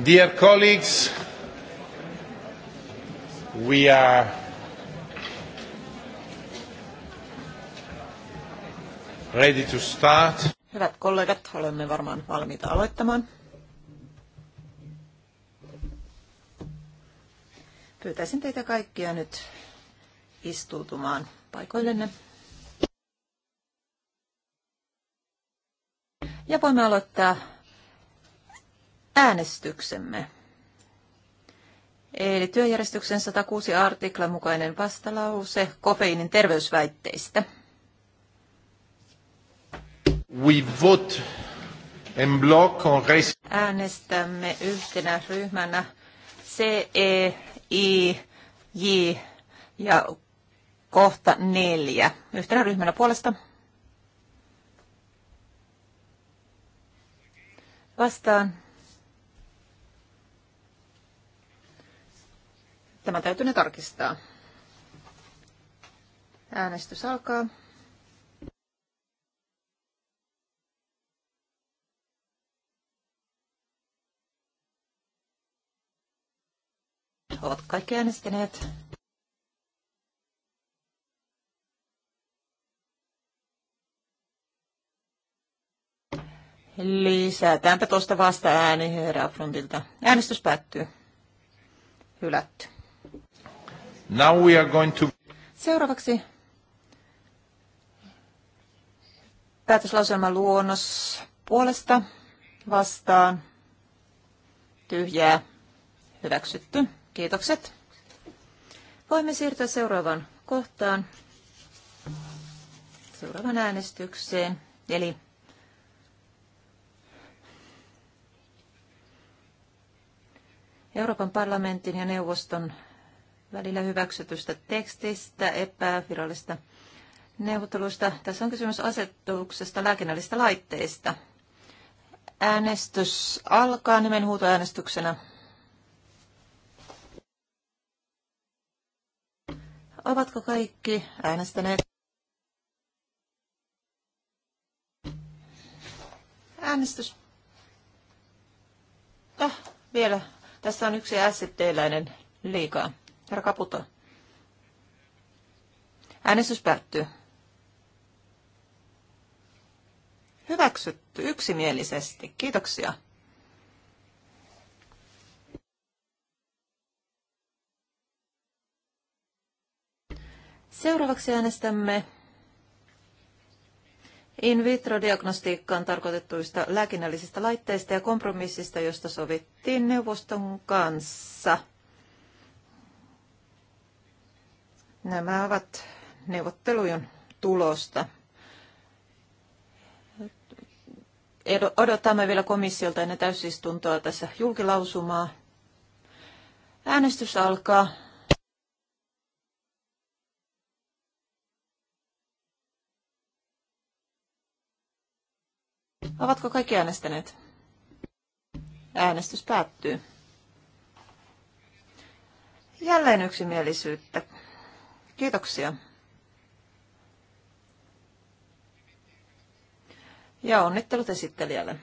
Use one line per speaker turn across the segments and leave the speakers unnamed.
Dear colleagues, we are ready to start.
Hyvät kollegat, olemme varmaan valmiita aloittamaan. Pyytäisin teitä kaikkia nyt istuutumaan paikoillenne. Ja voimme aloittaa äänestyksemme. Eli työjärjestyksen 106 artikla mukainen vastalause kofeiinin terveysväitteistä.
We vote en bloc on res-
Äänestämme yhtenä ryhmänä C, E, I, J ja kohta neljä. Yhtenä ryhmänä puolesta. Vastaan Tämä täytyy ne tarkistaa. Äänestys alkaa. Ovat kaikki äänestäneet. Lisätäänpä tuosta vasta ääni herra Frontilta. Äänestys päättyy. Hylätty.
Now we are going to...
Seuraavaksi päätöslauselman luonnos puolesta vastaan tyhjää hyväksytty. Kiitokset. Voimme siirtyä seuraavaan kohtaan, seuraavaan äänestykseen. Eli Euroopan parlamentin ja neuvoston välillä hyväksytystä tekstistä, epävirallista neuvotteluista. Tässä on kysymys asetuksesta lääkinnällisistä laitteista. Äänestys alkaa nimenhuutoäänestyksenä. Ovatko kaikki äänestäneet? Äänestys. Ah, vielä. Tässä on yksi ST-läinen liikaa. Herra Kaputo. Äänestys päättyy. Hyväksytty yksimielisesti. Kiitoksia. Seuraavaksi äänestämme in vitro-diagnostiikkaan tarkoitettuista lääkinnällisistä laitteista ja kompromissista, josta sovittiin neuvoston kanssa. Nämä ovat neuvottelujen tulosta. Odotamme vielä komissiolta ennen täysistuntoa tässä julkilausumaa. Äänestys alkaa. Ovatko kaikki äänestäneet? Äänestys päättyy. Jälleen yksimielisyyttä. Kiitoksia. Ja onnittelut esittelijälle.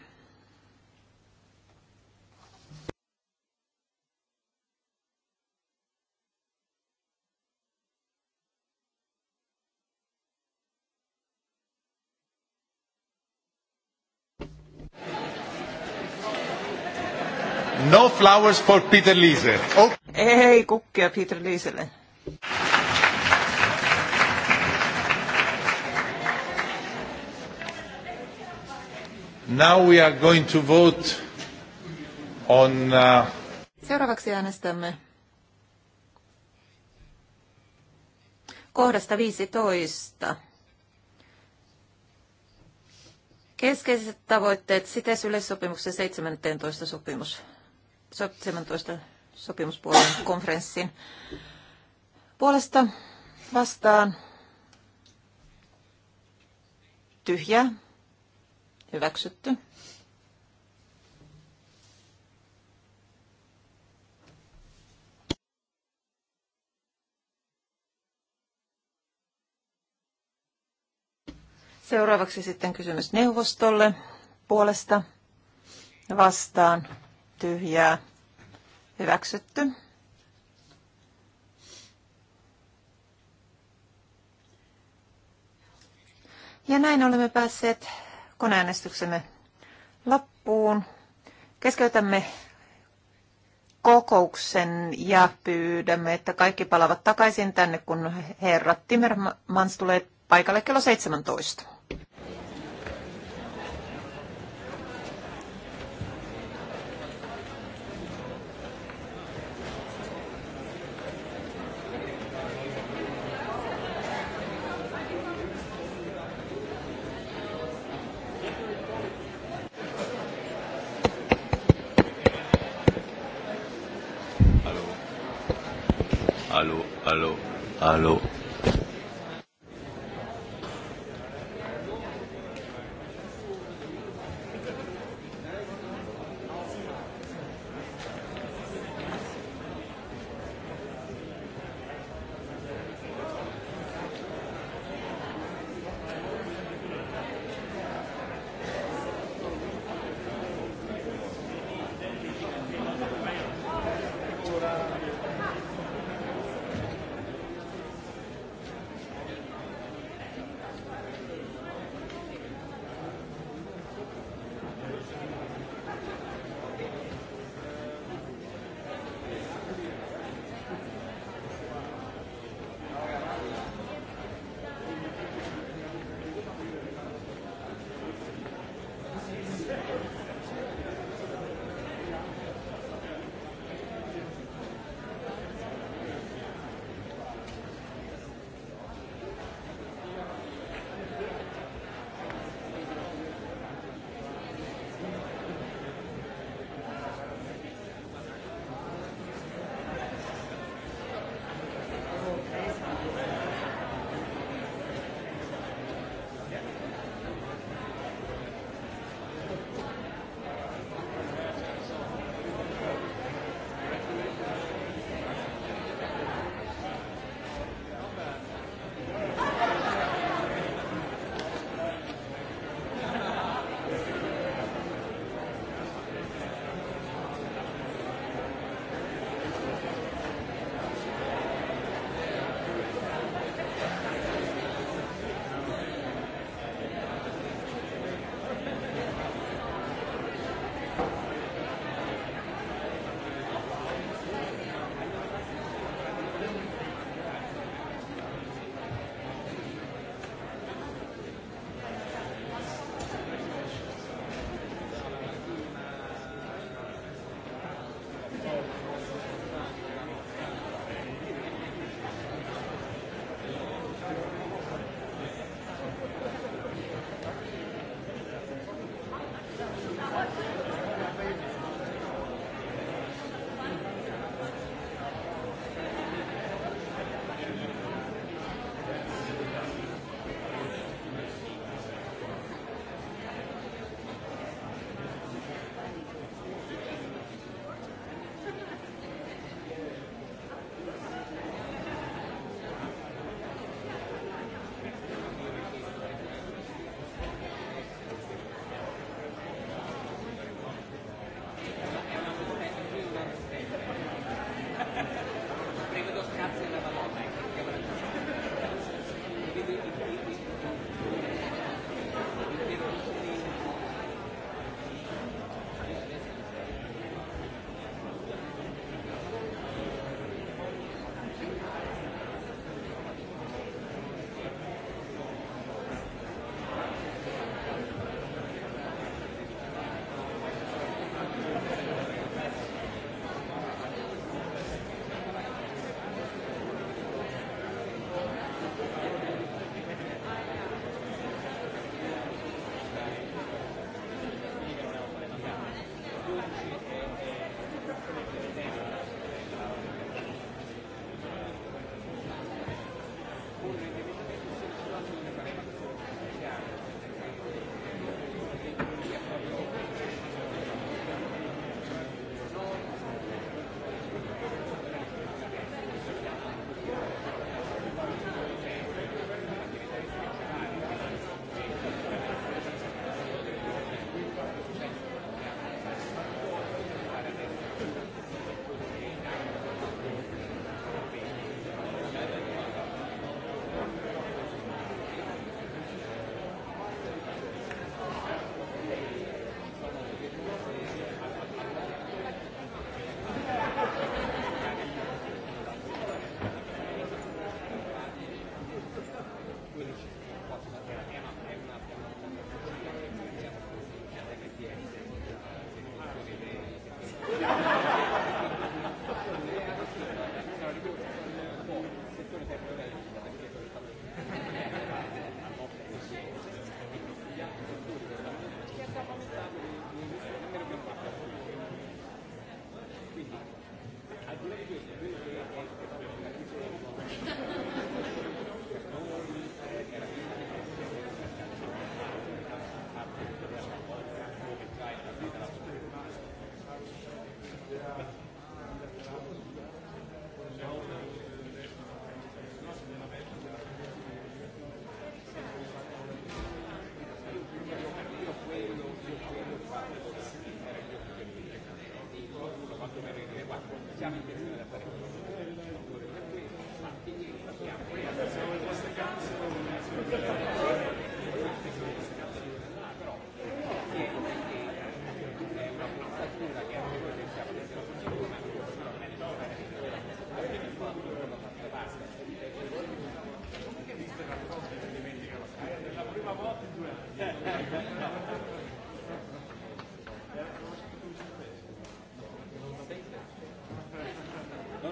No flowers for Peter Liese.
Okay. Ei kukkia Peter Liiselle.
Now we are going to vote on... Uh...
Seuraavaksi äänestämme kohdasta 15. Keskeiset tavoitteet sites yleissopimuksen 17. sopimus, 17 sopimuspuolen konferenssin puolesta vastaan tyhjä Hyväksytty. Seuraavaksi sitten kysymys neuvostolle puolesta vastaan tyhjää hyväksytty. Ja näin olemme päässeet koneäänestyksemme loppuun. Keskeytämme kokouksen ja pyydämme, että kaikki palavat takaisin tänne, kun herra Timmermans tulee paikalle kello 17.
Hallo.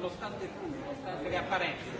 nonostante tutto, nonostante le apparenze.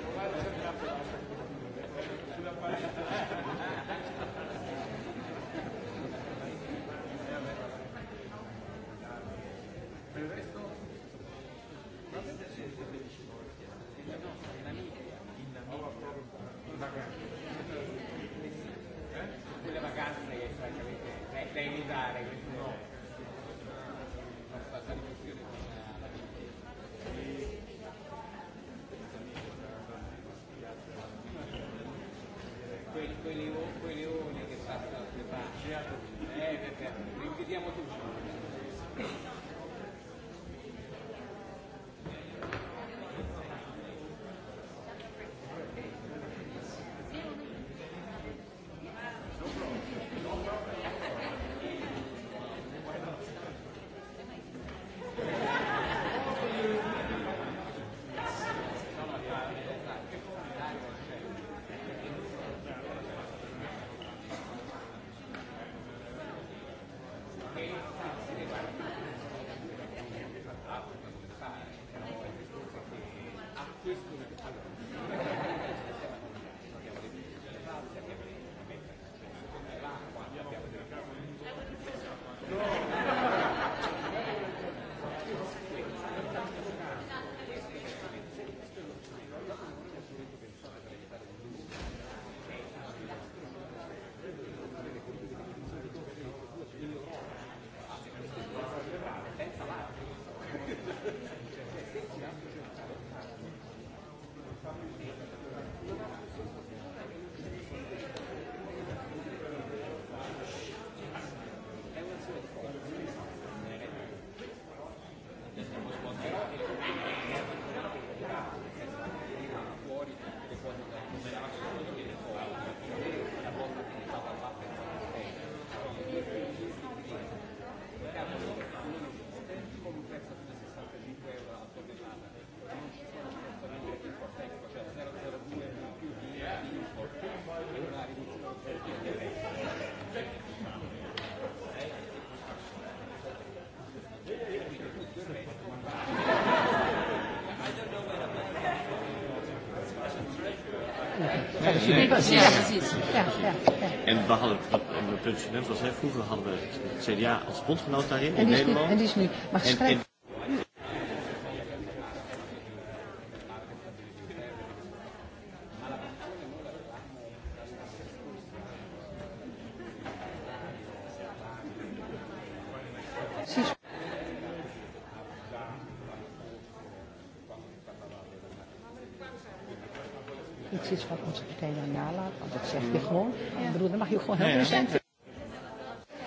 Nee, precies. Ja, precies. Ja, ja, ja. En we hadden het, en het punt net zoals hè, vroeger hadden we het CDA als bondgenoot daarin en in Nederland. Nu, en die is nu. Maar geschreven.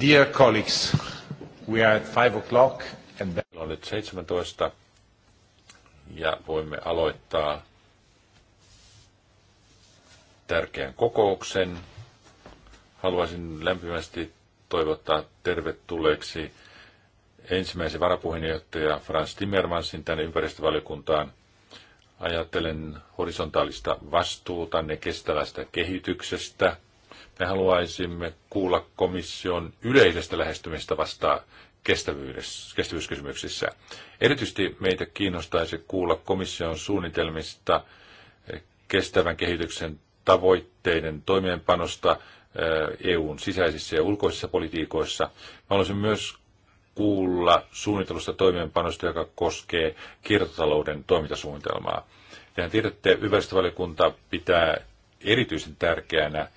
Dear colleagues, we are at five o'clock and then... on nyt 17 ja voimme aloittaa tärkeän kokouksen. Haluaisin lämpimästi toivottaa tervetulleeksi ensimmäisen varapuheenjohtaja Frans Timmermansin tänne ympäristövaliokuntaan. Ajattelen horisontaalista vastuuta, ne kestävästä kehityksestä. Me haluaisimme kuulla komission yleisestä lähestymistä vasta kestävyyskysymyksissä. Erityisesti meitä kiinnostaisi kuulla komission suunnitelmista eh, kestävän kehityksen tavoitteiden toimeenpanosta eh, EUn sisäisissä ja ulkoisissa politiikoissa. Mä haluaisin myös kuulla suunnitelusta toimeenpanosta, joka koskee kiertotalouden toimintasuunnitelmaa. Tehän tiedätte, ympäristövaliokunta pitää erityisen tärkeänä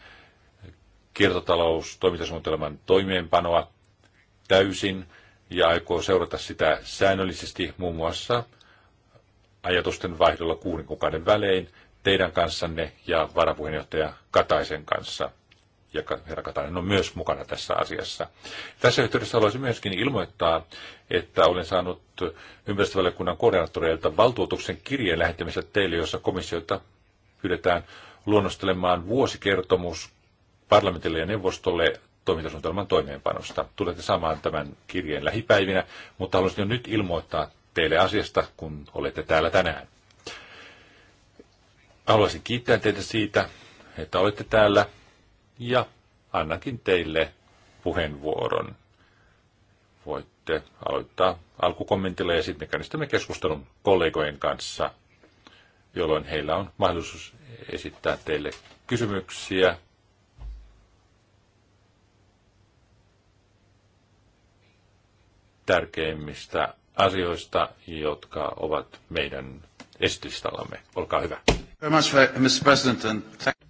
kiertotalous toimintasuunnitelman toimeenpanoa täysin ja aikoo seurata sitä säännöllisesti muun muassa ajatusten vaihdolla kuuden kuukauden välein teidän kanssanne ja varapuheenjohtaja Kataisen kanssa. Ja herra Katainen on myös mukana tässä asiassa. Tässä yhteydessä haluaisin myöskin ilmoittaa, että olen saanut ympäristövaliokunnan koordinaattoreilta valtuutuksen kirjeen lähettämistä teille, jossa komissiota pyydetään luonnostelemaan vuosikertomus parlamentille ja neuvostolle toimintasuunnitelman toimeenpanosta. Tulette saamaan tämän kirjeen lähipäivinä, mutta haluaisin jo nyt ilmoittaa teille asiasta, kun olette täällä tänään. Haluaisin kiittää teitä siitä, että olette täällä ja annakin teille puheenvuoron. Voitte aloittaa alkukommentilla ja sitten käynnistämme keskustelun kollegojen kanssa, jolloin heillä on mahdollisuus esittää teille kysymyksiä tärkeimmistä asioista, jotka ovat meidän esityslistallamme. Olkaa hyvä. Uh,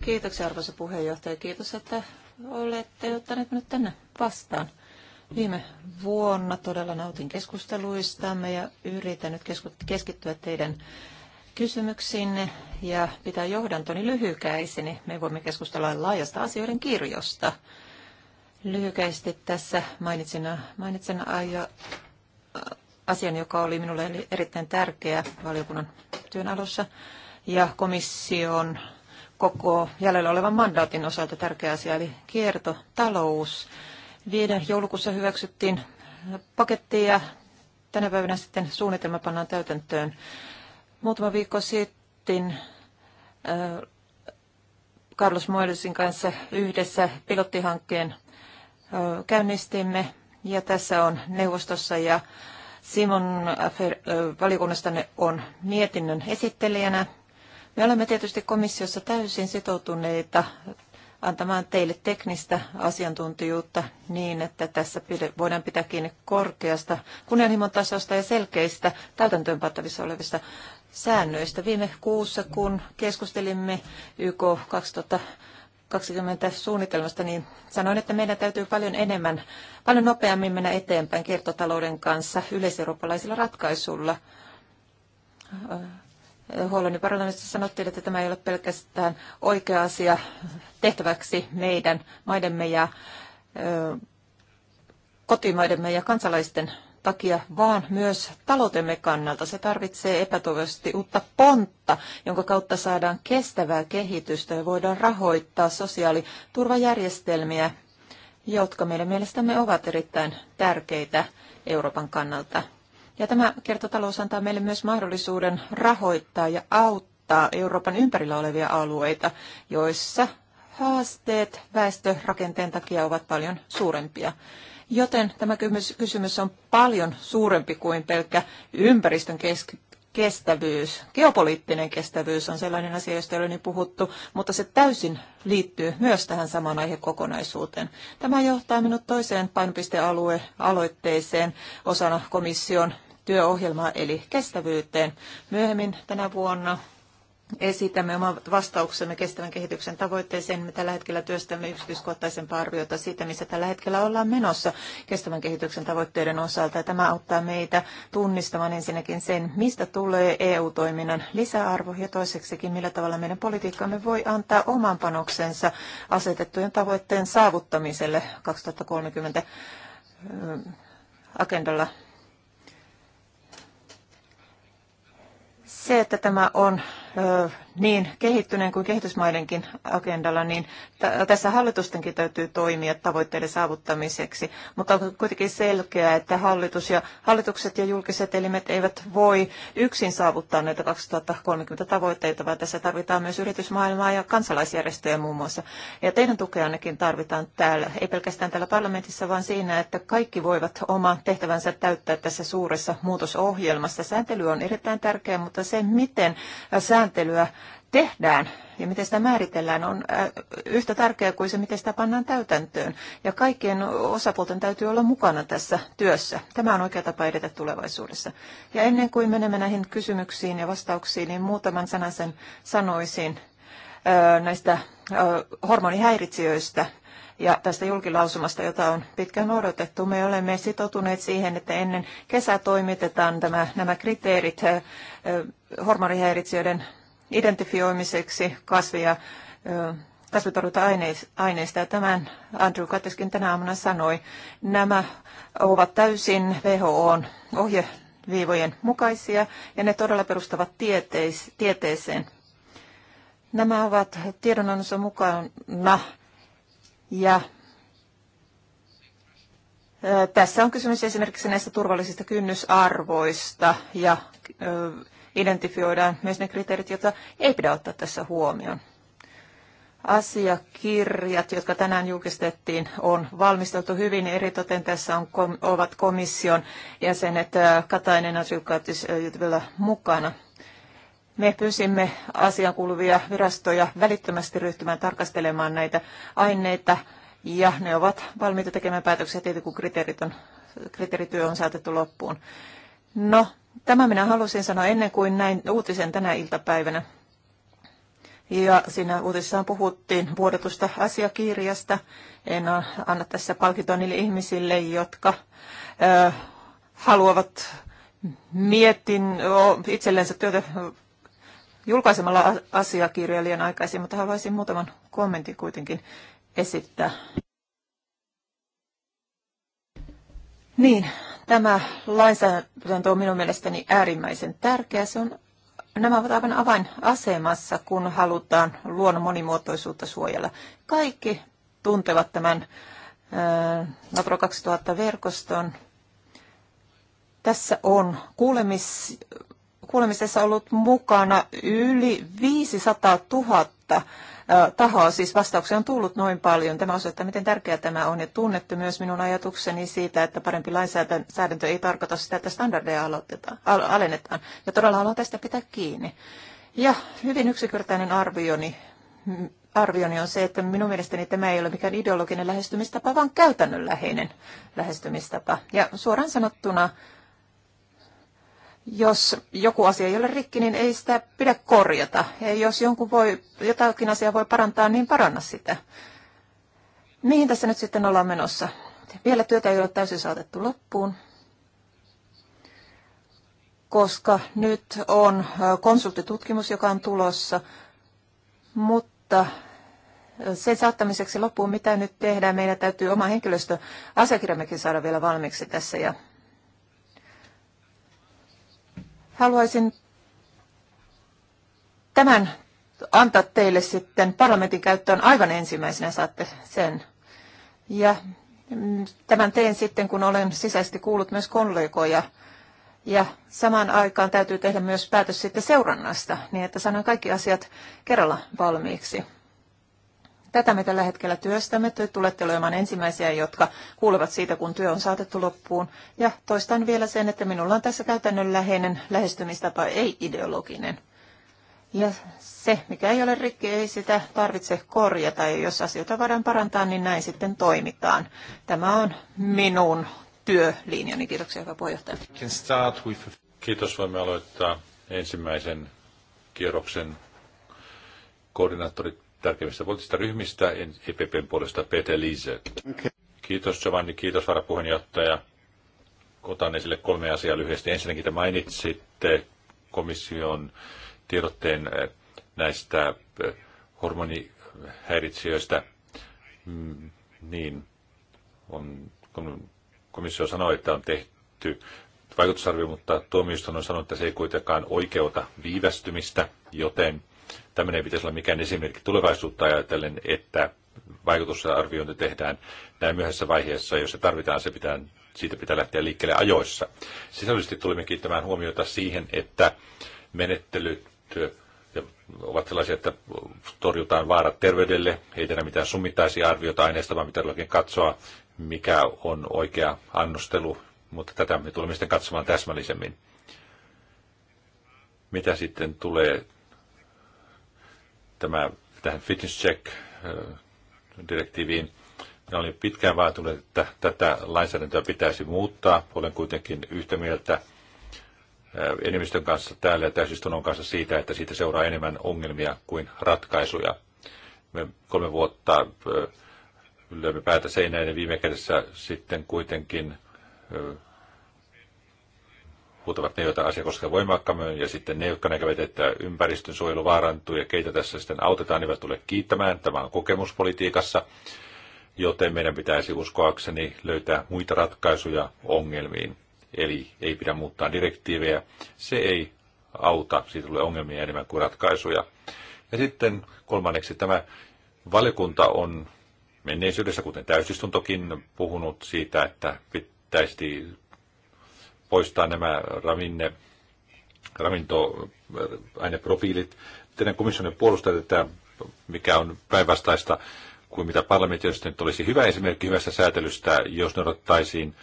Kiitoksia arvoisa puheenjohtaja. Kiitos, että olette ottaneet minut tänne vastaan. Viime vuonna todella nautin keskusteluistamme ja yritän nyt keskittyä teidän kysymyksiinne ja pitää johdantoni lyhykäiseni. Me voimme keskustella laajasta asioiden kirjosta. Lyhykäisesti tässä mainitsin, mainitsen aio, asian, joka oli minulle erittäin tärkeä valiokunnan työn alussa ja komission koko jäljellä olevan mandaatin osalta tärkeä asia, eli kiertotalous. Viiden joulukuussa hyväksyttiin paketti ja tänä päivänä sitten suunnitelma pannaan täytäntöön. Muutama viikko sitten Carlos Moelisin kanssa yhdessä pilottihankkeen käynnistimme. Ja tässä on neuvostossa ja Simon valiokunnastanne on mietinnön esittelijänä. Me olemme tietysti komissiossa täysin sitoutuneita antamaan teille teknistä asiantuntijuutta niin, että tässä voidaan pitää kiinni korkeasta kunnianhimon tasosta ja selkeistä täytäntöönpattavissa olevista säännöistä. Viime kuussa, kun keskustelimme YK 2000 2020 suunnitelmasta, niin sanoin, että meidän täytyy paljon enemmän, paljon nopeammin mennä eteenpäin kiertotalouden kanssa yleiseurooppalaisilla ratkaisuilla. Äh, Hollannin parlamentissa sanottiin, että tämä ei ole pelkästään oikea asia tehtäväksi meidän maidemme ja äh, kotimaidemme ja kansalaisten takia, vaan myös taloutemme kannalta. Se tarvitsee epätoivoisesti uutta pontta, jonka kautta saadaan kestävää kehitystä ja voidaan rahoittaa sosiaaliturvajärjestelmiä, jotka meidän mielestämme ovat erittäin tärkeitä Euroopan kannalta. Ja tämä kertotalous antaa meille myös mahdollisuuden rahoittaa ja auttaa Euroopan ympärillä olevia alueita, joissa haasteet väestörakenteen takia ovat paljon suurempia. Joten tämä kysymys on paljon suurempi kuin pelkkä ympäristön kestävyys. Geopoliittinen kestävyys on sellainen asia, josta ei ole niin puhuttu, mutta se täysin liittyy myös tähän samaan aihekokonaisuuteen. Tämä johtaa minut toiseen painopistealue-aloitteeseen osana komission työohjelmaa eli kestävyyteen. Myöhemmin tänä vuonna esitämme omat vastauksemme kestävän kehityksen tavoitteeseen. Me tällä hetkellä työstämme yksityiskohtaisempaa arviota siitä, missä tällä hetkellä ollaan menossa kestävän kehityksen tavoitteiden osalta. Ja tämä auttaa meitä tunnistamaan ensinnäkin sen, mistä tulee EU-toiminnan lisäarvo ja toiseksikin, millä tavalla meidän politiikkamme voi antaa oman panoksensa asetettujen tavoitteen saavuttamiselle 2030 agendalla. Se, että tämä on Äh, niin kehittyneen kuin kehitysmaidenkin agendalla, niin tässä hallitustenkin täytyy toimia tavoitteiden saavuttamiseksi. Mutta on kuitenkin selkeää, että hallitus ja, hallitukset ja julkiset elimet eivät voi yksin saavuttaa näitä 2030 tavoitteita, vaan tässä tarvitaan myös yritysmaailmaa ja kansalaisjärjestöjä muun muassa. Ja teidän tukeannekin tarvitaan täällä, ei pelkästään täällä parlamentissa, vaan siinä, että kaikki voivat oman tehtävänsä täyttää tässä suuressa muutosohjelmassa. Sääntely on erittäin tärkeää, mutta se, miten sääntelyä tehdään ja miten sitä määritellään on äh, yhtä tärkeää kuin se, miten sitä pannaan täytäntöön. Ja kaikkien osapuolten täytyy olla mukana tässä työssä. Tämä on oikea tapa edetä tulevaisuudessa. Ja ennen kuin menemme näihin kysymyksiin ja vastauksiin, niin muutaman sanan sen sanoisin äh, näistä äh, hormonihäiritsijöistä ja tästä julkilausumasta, jota on pitkään odotettu. Me olemme sitoutuneet siihen, että ennen kesää toimitetaan tämä, nämä kriteerit hormonihäiritsijöiden identifioimiseksi kasveja, kasvitorjunta-aineista. tämän Andrew Kateskin tänä aamuna sanoi. Nämä ovat täysin WHOn ohjeviivojen mukaisia ja ne todella perustavat tieteis, tieteeseen. Nämä ovat tiedonannossa mukana ja tässä on kysymys esimerkiksi näistä turvallisista kynnysarvoista ja identifioidaan myös ne kriteerit, joita ei pidä ottaa tässä huomioon. Asiakirjat, jotka tänään julkistettiin, on valmisteltu hyvin. Eritoten tässä on, ovat komission jäsenet äh, Katainen asiakkaatis äh, vielä mukana. Me pysimme asiankuluvia virastoja välittömästi ryhtymään tarkastelemaan näitä aineita, ja ne ovat valmiita tekemään päätöksiä tietenkin, kun kriteerit on, kriteerityö on saatettu loppuun. No, tämä minä halusin sanoa ennen kuin näin uutisen tänä iltapäivänä. Ja siinä uutissaan puhuttiin vuodetusta asiakirjasta. En anna tässä palkintoa niille ihmisille, jotka ö, haluavat mietin itsellensä työtä julkaisemalla asiakirjaa liian aikaisin, mutta haluaisin muutaman kommentin kuitenkin esittää. Niin, Tämä lainsäädäntö on minun mielestäni äärimmäisen tärkeä. Se on, nämä ovat aivan avainasemassa, kun halutaan luonnon monimuotoisuutta suojella. Kaikki tuntevat tämän äh, Natura 2000-verkoston. Tässä on kuulemis, kuulemisessa ollut mukana yli 500 000 tahoa. Siis vastauksia on tullut noin paljon. Tämä osoittaa, miten tärkeää tämä on. Ja tunnettu myös minun ajatukseni siitä, että parempi lainsäädäntö ei tarkoita sitä, että standardeja alennetaan. Ja todella haluan tästä pitää kiinni. Ja hyvin yksinkertainen arvioni arvioni on se, että minun mielestäni tämä ei ole mikään ideologinen lähestymistapa, vaan käytännönläheinen lähestymistapa. Ja suoraan sanottuna jos joku asia ei ole rikki, niin ei sitä pidä korjata. Ja jos jonkun voi, jotakin asiaa voi parantaa, niin paranna sitä. Mihin tässä nyt sitten ollaan menossa? Vielä työtä ei ole täysin saatettu loppuun, koska nyt on konsulttitutkimus, joka on tulossa, mutta sen saattamiseksi loppuun, mitä nyt tehdään, meidän täytyy oma henkilöstö henkilöstöasiakirjammekin saada vielä valmiiksi tässä ja Haluaisin tämän antaa teille sitten parlamentin käyttöön aivan ensimmäisenä saatte sen. Ja mm, tämän teen sitten, kun olen sisäisesti kuullut myös kollegoja. Ja samaan aikaan täytyy tehdä myös päätös sitten seurannasta, niin että sanon kaikki asiat kerralla valmiiksi. Tätä me tällä hetkellä työstämme. Te tulette olemaan ensimmäisiä, jotka kuulevat siitä, kun työ on saatettu loppuun. Ja toistan vielä sen, että minulla on tässä käytännönläheinen lähestymistapa, ei ideologinen. Ja se, mikä ei ole rikki, ei sitä tarvitse korjata. Ja jos asioita voidaan parantaa, niin näin sitten toimitaan. Tämä on minun työlinjani. Kiitoksia, hyvä puheenjohtaja.
Kiitos, voimme aloittaa ensimmäisen kierroksen koordinaattorit tärkeimmistä poliittisista ryhmistä, EPPn e puolesta Peter Lise. Okay. Kiitos Giovanni, kiitos varapuheenjohtaja. Otan esille kolme asiaa lyhyesti. Ensinnäkin te mainitsitte komission tiedotteen eh, näistä eh, hormonihäiritsijöistä. Mm, niin, on, kun komissio sanoi, että on tehty vaikutusarvio, mutta tuomioistuin on sanonut, että se ei kuitenkaan oikeuta viivästymistä, joten Tämä ei pitäisi olla mikään esimerkki tulevaisuutta ajatellen, että vaikutusarviointi tehdään näin myöhässä vaiheessa, jos se tarvitaan, se pitää, siitä pitää lähteä liikkeelle ajoissa. Sisällöllisesti tulimme kiittämään huomiota siihen, että menettelyt ovat sellaisia, että torjutaan vaarat terveydelle, ei tehdä mitään summittaisia arvioita aineesta, vaan pitää todellakin katsoa, mikä on oikea annostelu, mutta tätä me tulemme sitten katsomaan täsmällisemmin. Mitä sitten tulee tämä, tähän fitness check äh, direktiiviin. Minä olin pitkään vaatunut, että tätä lainsäädäntöä pitäisi muuttaa. Olen kuitenkin yhtä mieltä äh, enemmistön kanssa täällä ja täysistunnon kanssa siitä, että siitä seuraa enemmän ongelmia kuin ratkaisuja. Me kolme vuotta äh, löimme päätä seinään ja viime kädessä sitten kuitenkin puhuttavat ne, joita asia koskee voimakkaammin, ja sitten ne, jotka näkevät, että niin ympäristön suojelu vaarantuu ja keitä tässä sitten autetaan, eivät tule kiittämään. Tämä on kokemuspolitiikassa, joten meidän pitäisi uskoakseni löytää muita ratkaisuja ongelmiin. Eli ei pidä muuttaa direktiivejä. Se ei auta, siitä tulee ongelmia enemmän kuin ratkaisuja. Ja sitten kolmanneksi tämä valiokunta on menneisyydessä, kuten täysistuntokin, puhunut siitä, että pitäisi poistaa nämä ravinne, ravintoaineprofiilit. Teidän komissionne puolustaa tätä, mikä on päinvastaista kuin mitä parlamentissa nyt olisi hyvä esimerkki hyvästä säätelystä, jos noudattaisiin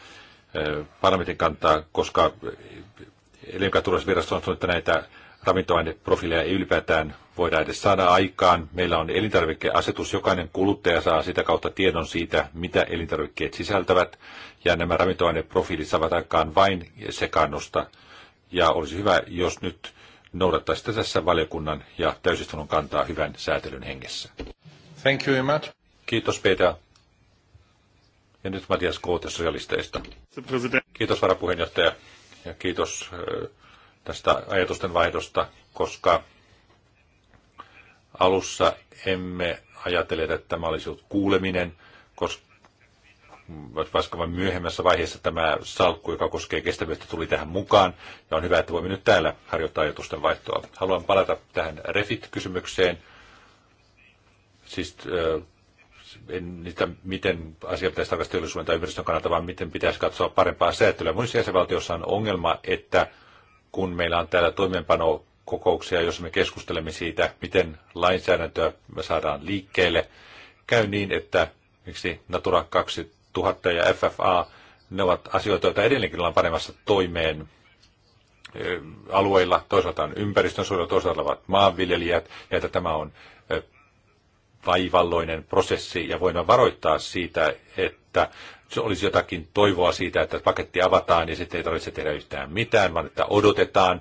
parlamentin kantaa, koska elinkaturvallisuusvirasto on sanonut, että näitä ravintoaineprofiileja ei ylipäätään voida edes saada aikaan. Meillä on elintarvikkeasetus, jokainen kuluttaja saa sitä kautta tiedon siitä, mitä elintarvikkeet sisältävät, ja nämä ravintoaineprofiilit saavat aikaan vain sekannusta. Ja olisi hyvä, jos nyt noudattaisitte tässä valiokunnan ja täysistunnon kantaa hyvän säätelyn hengessä. Thank you very much. Kiitos Peter. Ja nyt Matias Koote sosialisteista. Kiitos varapuheenjohtaja ja kiitos tästä ajatusten vaihdosta, koska Alussa emme ajatelleet, että tämä olisi ollut kuuleminen, koska vaikka vain myöhemmässä vaiheessa tämä salkku, joka koskee kestävyyttä, tuli tähän mukaan. Ja on hyvä, että voimme nyt täällä harjoittaa ajatusten vaihtoa. Haluan palata tähän Refit-kysymykseen. Siis en niitä, miten asia pitäisi tarkastella teollisuuden tai ympäristön kannalta, vaan miten pitäisi katsoa parempaa säätelyä. Muissa jäsenvaltioissa on ongelma, että kun meillä on täällä toimeenpano kokouksia, jos me keskustelemme siitä, miten lainsäädäntöä me saadaan liikkeelle. Käy niin, että miksi Natura 2000 ja FFA, ne ovat asioita, joita edelleenkin ollaan panemassa toimeen alueilla, toisaalta on ympäristönsuojelu, toisaalta ovat maanviljelijät, ja että tämä on vaivalloinen prosessi, ja voimme varoittaa siitä, että se olisi jotakin toivoa siitä, että paketti avataan, ja sitten ei tarvitse tehdä yhtään mitään, vaan että odotetaan,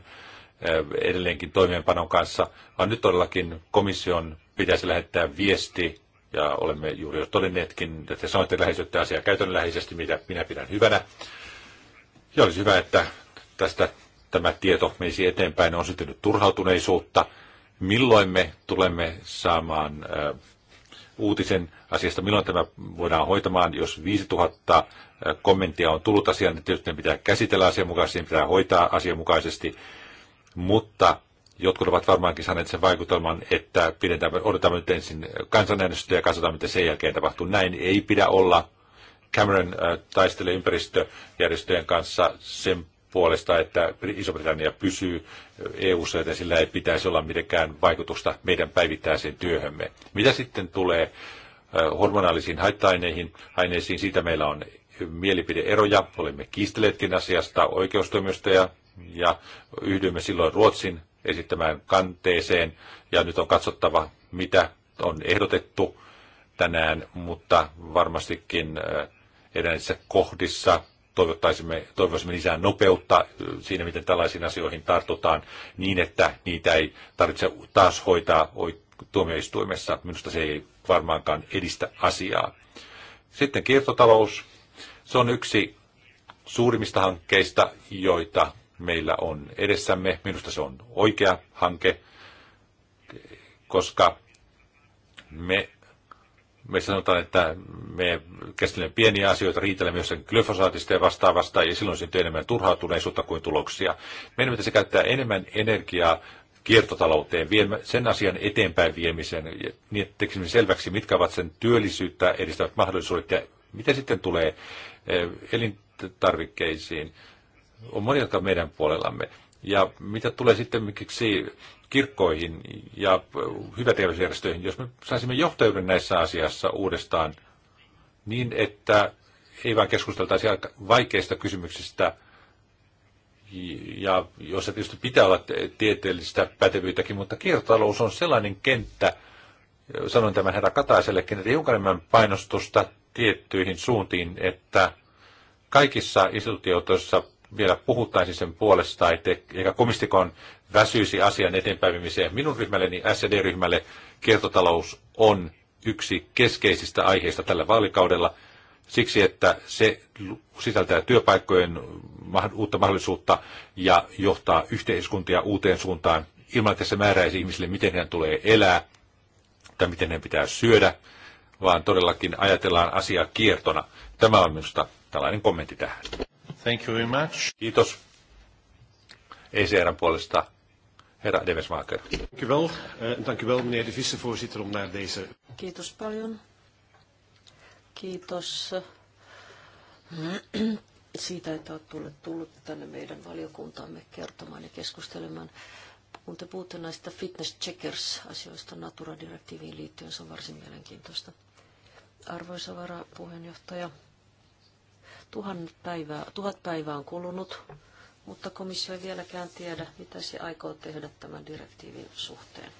Eh, edelleenkin toimeenpanon kanssa, vaan nyt todellakin komission pitäisi lähettää viesti, ja olemme juuri jo todenneetkin, että sanoitte läheisyyttä asiaa käytännönläheisesti, mitä minä pidän hyvänä. Ja olisi hyvä, että tästä tämä tieto menisi eteenpäin, on syntynyt turhautuneisuutta. Milloin me tulemme saamaan eh, uutisen asiasta, milloin tämä voidaan hoitamaan, jos 5000 eh, kommenttia on tullut asiaan, niin tietysti ne pitää käsitellä asianmukaisesti, ne pitää hoitaa asianmukaisesti mutta jotkut ovat varmaankin saaneet sen vaikutelman, että pidetään, odotamme nyt ensin kansanäänestystä ja katsotaan, mitä sen jälkeen tapahtuu. Näin ei pidä olla. Cameron äh, taistelee ympäristöjärjestöjen kanssa sen puolesta, että Iso-Britannia pysyy äh, eu joten sillä ei pitäisi olla mitenkään vaikutusta meidän päivittäiseen työhömme. Mitä sitten tulee äh, hormonaalisiin haitta-aineisiin, aineisiin, siitä meillä on mielipideeroja, olemme kiisteleetkin asiasta oikeustoimistoja ja yhdymme silloin Ruotsin esittämään kanteeseen ja nyt on katsottava, mitä on ehdotettu tänään, mutta varmastikin eh, edellisissä kohdissa toivottaisimme, toivoisimme lisää nopeutta eh, siinä, miten tällaisiin asioihin tartutaan niin, että niitä ei tarvitse taas hoitaa tuomioistuimessa. Minusta se ei varmaankaan edistä asiaa. Sitten kiertotalous. Se on yksi suurimmista hankkeista, joita meillä on edessämme. Minusta se on oikea hanke, koska me, me sanotaan, että me käsittelemme pieniä asioita, riitelemme jossain glyfosaatista ja vastaavasta, ja silloin syntyy enemmän turhautuneisuutta kuin tuloksia. Meidän pitäisi käyttää enemmän energiaa kiertotalouteen, sen asian eteenpäin viemisen, niin tekisimme selväksi, mitkä ovat sen työllisyyttä edistävät mahdollisuudet ja mitä sitten tulee eh, elintarvikkeisiin on monia, meidän puolellamme. Ja mitä tulee sitten miksi kirkkoihin ja hyväntekeväisyysjärjestöihin, jos me saisimme johtajuuden näissä asiassa uudestaan niin, että ei vain keskusteltaisi vaikeista kysymyksistä, ja jossa tietysti pitää olla tieteellistä pätevyyttäkin, mutta kiertotalous on sellainen kenttä, sanoin tämän herra Kataisellekin, että hiukan enemmän painostusta tiettyihin suuntiin, että kaikissa instituutioissa vielä puhuttaisiin sen puolesta, ettei, eikä komistikon väsyisi asian eteenpäivimiseen. Minun ryhmälleni, sd ryhmälle kiertotalous on yksi keskeisistä aiheista tällä vaalikaudella. Siksi, että se sisältää työpaikkojen uutta mahdollisuutta ja johtaa yhteiskuntia uuteen suuntaan ilman, että se määräisi ihmisille, miten heidän tulee elää tai miten heidän pitää syödä, vaan todellakin ajatellaan asiaa kiertona. Tämä on minusta tällainen kommentti tähän. Thank you very much. Kiitos. ECRn puolesta herra Demesmaker. Dank u wel. Eh, dank u wel, meneer de vicevoorzitter, om naar deze...
Kiitos paljon. Kiitos eh, siitä, että olet tullut, tullut tänne meidän valiokuntaamme kertomaan ja keskustelemaan. Kun te puhutte näistä fitness checkers-asioista Natura-direktiiviin liittyen, se on varsin mielenkiintoista. Arvoisa varapuheenjohtaja, Tuhat päivää, tuhat päivää on kulunut, mutta komissio ei vieläkään tiedä, mitä se aikoo tehdä tämän direktiivin suhteen.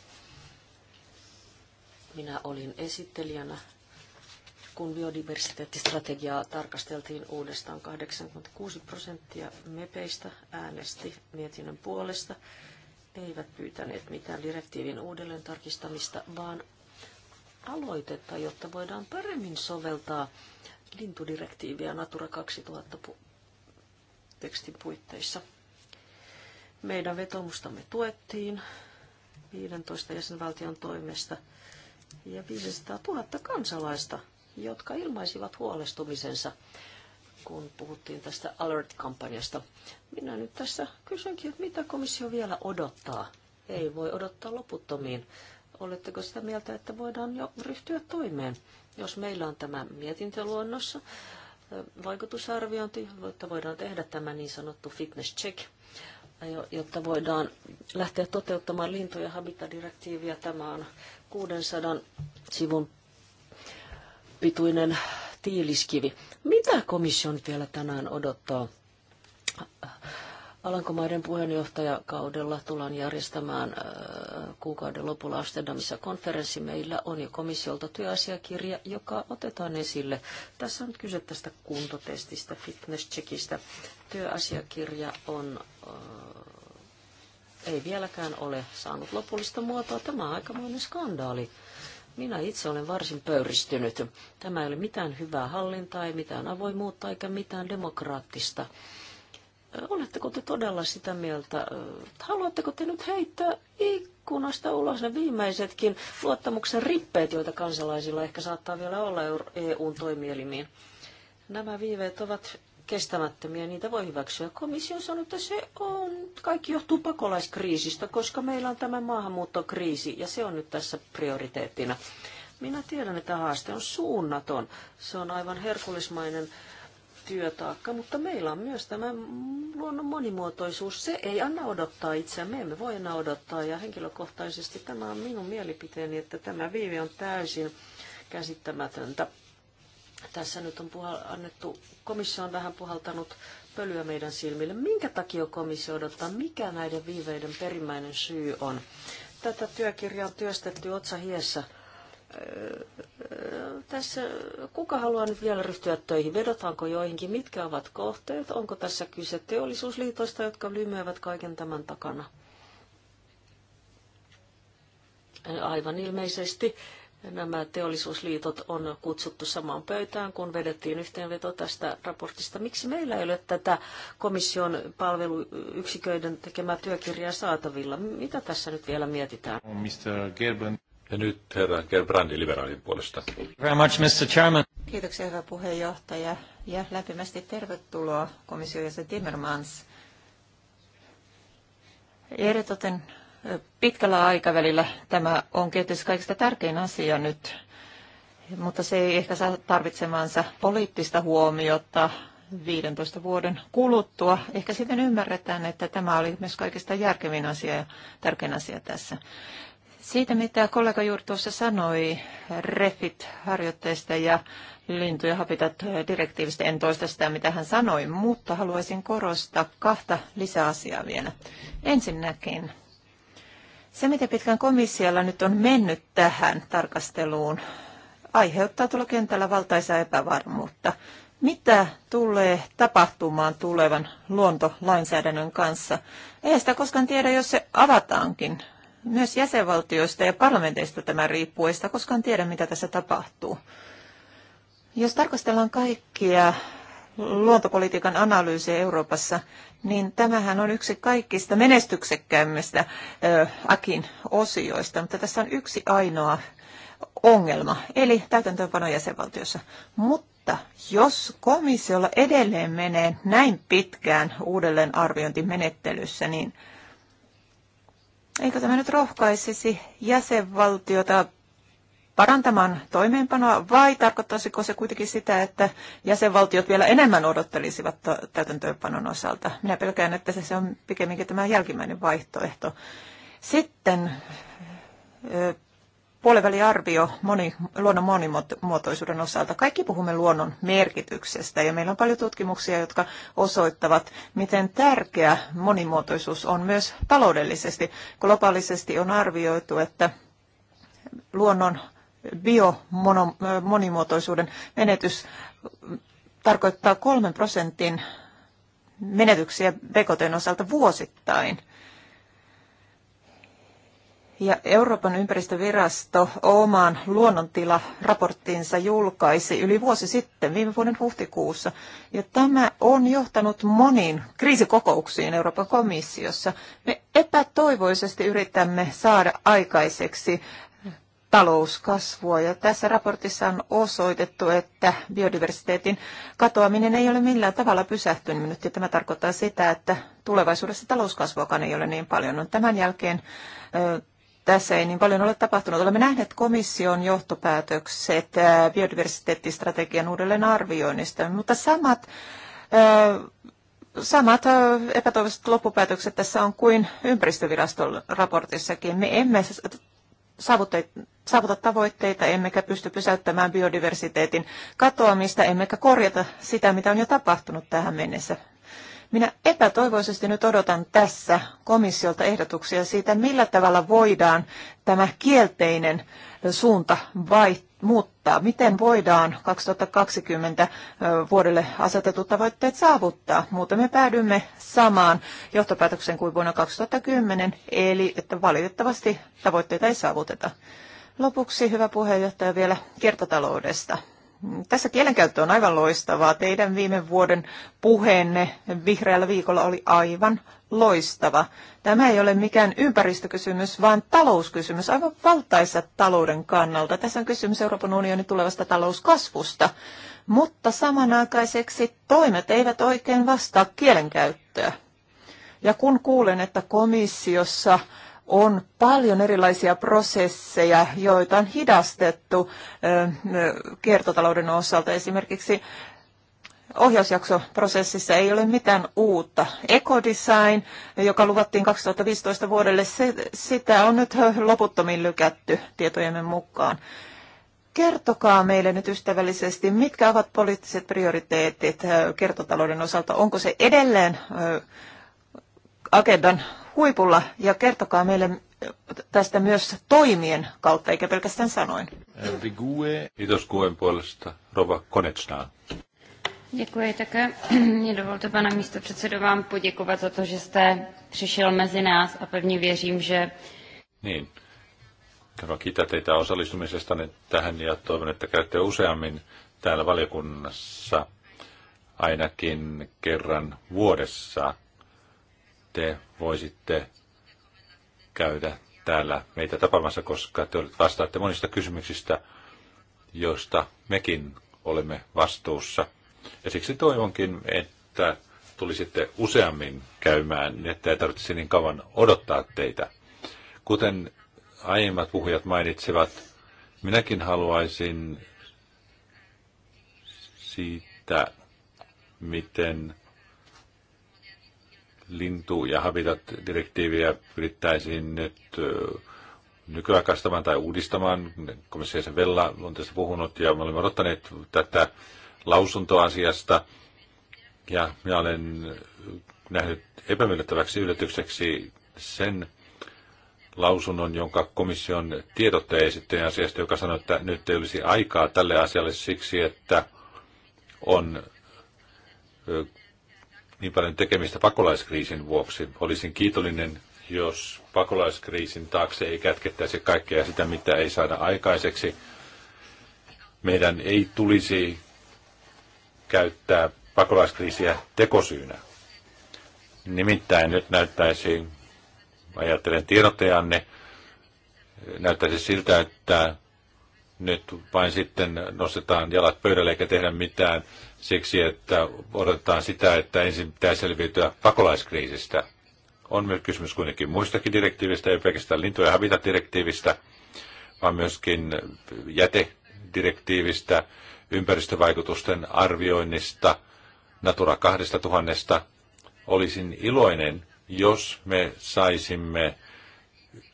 Minä olin esittelijänä, kun biodiversiteettistrategiaa tarkasteltiin uudestaan. 86 prosenttia mepeistä äänesti mietinnön puolesta. Eivät pyytäneet mitään direktiivin uudelleen tarkistamista, vaan aloitetta, jotta voidaan paremmin soveltaa lintudirektiiviä Natura 2000 tekstin puitteissa. Meidän vetomustamme tuettiin 15 jäsenvaltion toimesta ja 500 000 kansalaista, jotka ilmaisivat huolestumisensa, kun puhuttiin tästä Alert-kampanjasta. Minä nyt tässä kysynkin, että mitä komissio vielä odottaa? Ei voi odottaa loputtomiin. Oletteko sitä mieltä, että voidaan jo ryhtyä toimeen? Jos meillä on tämä mietintöluonnossa vaikutusarviointi, jotta voidaan tehdä tämä niin sanottu fitness check, jotta voidaan lähteä toteuttamaan lintu- ja habitadirektiiviä. Tämä on 600 sivun pituinen tiiliskivi. Mitä komissio vielä tänään odottaa Alankomaiden puheenjohtajakaudella tullaan järjestämään äh, kuukauden lopulla Amsterdamissa konferenssi. Meillä on jo komissiolta työasiakirja, joka otetaan esille. Tässä on nyt kyse tästä kuntotestistä, fitness checkistä. Työasiakirja on, äh, ei vieläkään ole saanut lopullista muotoa. Tämä on aikamoinen skandaali. Minä itse olen varsin pöyristynyt. Tämä ei ole mitään hyvää hallintaa, ei mitään avoimuutta eikä mitään demokraattista Oletteko te todella sitä mieltä, että haluatteko te nyt heittää ikkunasta ulos ne viimeisetkin luottamuksen rippeet, joita kansalaisilla ehkä saattaa vielä olla EUn e toimielimiin? Nämä viiveet ovat kestämättömiä, niitä voi hyväksyä. Komissio sanoo, että se on, kaikki johtuu pakolaiskriisistä, koska meillä on tämä maahanmuuttokriisi ja se on nyt tässä prioriteettina. Minä tiedän, että haaste on suunnaton. Se on aivan herkullismainen työtaakka, mutta meillä on myös tämä luonnon monimuotoisuus. Se ei anna odottaa itseään, me emme voi enää odottaa ja henkilökohtaisesti tämä on minun mielipiteeni, että tämä viive on täysin käsittämätöntä. Tässä nyt on puhal- annettu, komissio on vähän puhaltanut pölyä meidän silmille. Minkä takia komissio odottaa, mikä näiden viiveiden perimmäinen syy on? Tätä työkirjaa on työstetty otsahiessä hiessä tässä, kuka haluaa nyt vielä ryhtyä töihin? Vedotaanko joihinkin? Mitkä ovat kohteet? Onko tässä kyse teollisuusliitoista, jotka lymyävät kaiken tämän takana? Aivan ilmeisesti nämä teollisuusliitot on kutsuttu samaan pöytään, kun vedettiin yhteenveto tästä raportista. Miksi meillä ei ole tätä komission palveluyksiköiden tekemää työkirjaa saatavilla? Mitä tässä nyt vielä mietitään?
Mr. Gerben. Ja nyt herra Gerbrandi liberaalin puolesta.
Very much, Mr. Chairman. Kiitoksia, herra puheenjohtaja, ja lämpimästi tervetuloa komission jäsen Timmermans. Eritoten pitkällä aikavälillä tämä on tietysti kaikista tärkein asia nyt, mutta se ei ehkä saa tarvitsemansa poliittista huomiota 15 vuoden kuluttua. Ehkä sitten ymmärretään, että tämä oli myös kaikista järkevin asia ja tärkein asia tässä. Siitä, mitä kollega juuri tuossa sanoi refit-harjoitteista ja lintu- ja habitat-direktiivistä, en toista sitä, mitä hän sanoi, mutta haluaisin korostaa kahta lisäasiaa vielä. Ensinnäkin, se miten pitkään komissiolla nyt on mennyt tähän tarkasteluun, aiheuttaa tuolla kentällä valtaisaa epävarmuutta. Mitä tulee tapahtumaan tulevan luontolainsäädännön kanssa? Eihän sitä koskaan tiedä, jos se avataankin myös jäsenvaltioista ja parlamenteista tämä riippuu, ei sitä koskaan tiedä, mitä tässä tapahtuu. Jos tarkastellaan kaikkia luontopolitiikan analyysiä Euroopassa, niin tämähän on yksi kaikista menestyksekkäimmistä AKin osioista, mutta tässä on yksi ainoa ongelma, eli täytäntöönpano jäsenvaltiossa. Mutta jos komissiolla edelleen menee näin pitkään uudelleenarviointimenettelyssä, niin – Eikö tämä nyt rohkaisisi jäsenvaltiota parantamaan toimeenpanoa vai tarkoittaisiko se kuitenkin sitä, että jäsenvaltiot vielä enemmän odottelisivat täytäntöönpanon osalta? Minä pelkään, että se on pikemminkin tämä jälkimmäinen vaihtoehto. Sitten puoliväliarvio moni, luonnon monimuotoisuuden osalta. Kaikki puhumme luonnon merkityksestä ja meillä on paljon tutkimuksia, jotka osoittavat, miten tärkeä monimuotoisuus on myös taloudellisesti. Globaalisesti on arvioitu, että luonnon biomonimuotoisuuden menetys tarkoittaa kolmen prosentin menetyksiä bekoten osalta vuosittain – ja Euroopan ympäristövirasto omaan luonnontilaraporttinsa julkaisi yli vuosi sitten, viime vuoden huhtikuussa. Ja tämä on johtanut moniin kriisikokouksiin Euroopan komissiossa. Me epätoivoisesti yritämme saada aikaiseksi talouskasvua. Ja tässä raportissa on osoitettu, että biodiversiteetin katoaminen ei ole millään tavalla pysähtynyt. Ja tämä tarkoittaa sitä, että tulevaisuudessa talouskasvuakaan ei ole niin paljon. No, tämän jälkeen tässä ei niin paljon ole tapahtunut. Olemme nähneet komission johtopäätökset äh, biodiversiteettistrategian uudelleen arvioinnista, mutta samat, äh, samat äh, epätoivoiset loppupäätökset tässä on kuin ympäristöviraston raportissakin. Me emme saavuta tavoitteita, emmekä pysty pysäyttämään biodiversiteetin katoamista, emmekä korjata sitä, mitä on jo tapahtunut tähän mennessä minä epätoivoisesti nyt odotan tässä komissiolta ehdotuksia siitä, millä tavalla voidaan tämä kielteinen suunta vaihtaa muuttaa? Miten voidaan 2020 vuodelle asetetut tavoitteet saavuttaa? Muuten me päädymme samaan johtopäätökseen kuin vuonna 2010, eli että valitettavasti tavoitteita ei saavuteta. Lopuksi, hyvä puheenjohtaja, vielä kiertotaloudesta. Tässä kielenkäyttö on aivan loistavaa. Teidän viime vuoden puheenne vihreällä viikolla oli aivan loistava. Tämä ei ole mikään ympäristökysymys, vaan talouskysymys, aivan valtaisa talouden kannalta. Tässä on kysymys Euroopan unionin tulevasta talouskasvusta, mutta samanaikaiseksi toimet eivät oikein vastaa kielenkäyttöä. Ja kun kuulen, että komissiossa on paljon erilaisia prosesseja, joita on hidastettu kiertotalouden osalta. Esimerkiksi ohjausjaksoprosessissa ei ole mitään uutta. Ecodesign, joka luvattiin 2015 vuodelle, se, sitä on nyt loputtomiin lykätty tietojemme mukaan. Kertokaa meille nyt ystävällisesti, mitkä ovat poliittiset prioriteetit kiertotalouden osalta. Onko se edelleen agendan huipulla ja kertokaa meille tästä myös toimien kautta, eikä pelkästään sanoin.
Rigue. Kiitos kuen puolesta. Rova Konecnaan.
Děkuji také. Mě dovolte, pane místo předsedo, vám poděkovat za to, že jste přišel mezi nás a pevně věřím, že...
Niin. Tämä kiitä teitä osallistumisesta tähän ja toivon, että käytte useammin täällä valiokunnassa ainakin kerran vuodessa te voisitte käydä täällä meitä tapaamassa, koska te vastaatte monista kysymyksistä, joista mekin olemme vastuussa. Ja siksi toivonkin, että tulisitte useammin käymään, niin että ei tarvitsisi niin kauan odottaa teitä. Kuten aiemmat puhujat mainitsevat, minäkin haluaisin siitä, miten lintu- ja habitat-direktiiviä pyrittäisiin nyt nykyaikaistamaan tai uudistamaan. Komissio Vella on tästä puhunut ja me olemme odottaneet tätä lausuntoasiasta. Ja minä olen nähnyt epämiellyttäväksi yllätykseksi sen lausunnon, jonka komission tiedottaja esitti asiasta, joka sanoi, että nyt ei olisi aikaa tälle asialle siksi, että on niin paljon tekemistä pakolaiskriisin vuoksi. Olisin kiitollinen, jos pakolaiskriisin taakse ei kätkettäisi kaikkea sitä, mitä ei saada aikaiseksi. Meidän ei tulisi käyttää pakolaiskriisiä tekosyynä. Nimittäin nyt näyttäisi, ajattelen tiedottajanne, näyttäisi siltä, että nyt vain sitten nostetaan jalat pöydälle eikä tehdä mitään siksi, että odotetaan sitä, että ensin pitää selviytyä pakolaiskriisistä. On myös kysymys kuitenkin muistakin direktiivistä, ei pelkästään lintuja ja habitat-direktiivistä, vaan myöskin jätedirektiivistä, ympäristövaikutusten arvioinnista, Natura 2000. Olisin iloinen, jos me saisimme